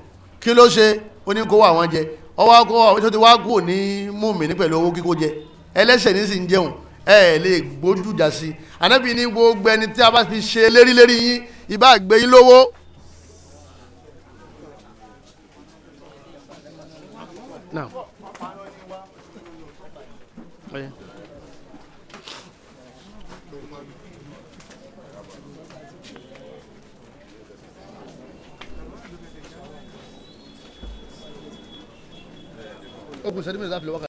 kí ló ṣe ó ní kó wà wọ́n jẹ ọwọ́ kó wà wọ́n ti wá kú ní mùmí ní pẹ̀lú owó kíkó jẹ ẹlẹ́sẹ̀ ní sì ń jẹun ẹ lè gbójú jà sí ànábì ní gbogbo ẹni tí a bá ti ṣe lérílérí yín ìbá gbé yín lówó. ogun sẹ́dúmínú láti lè wákàtí.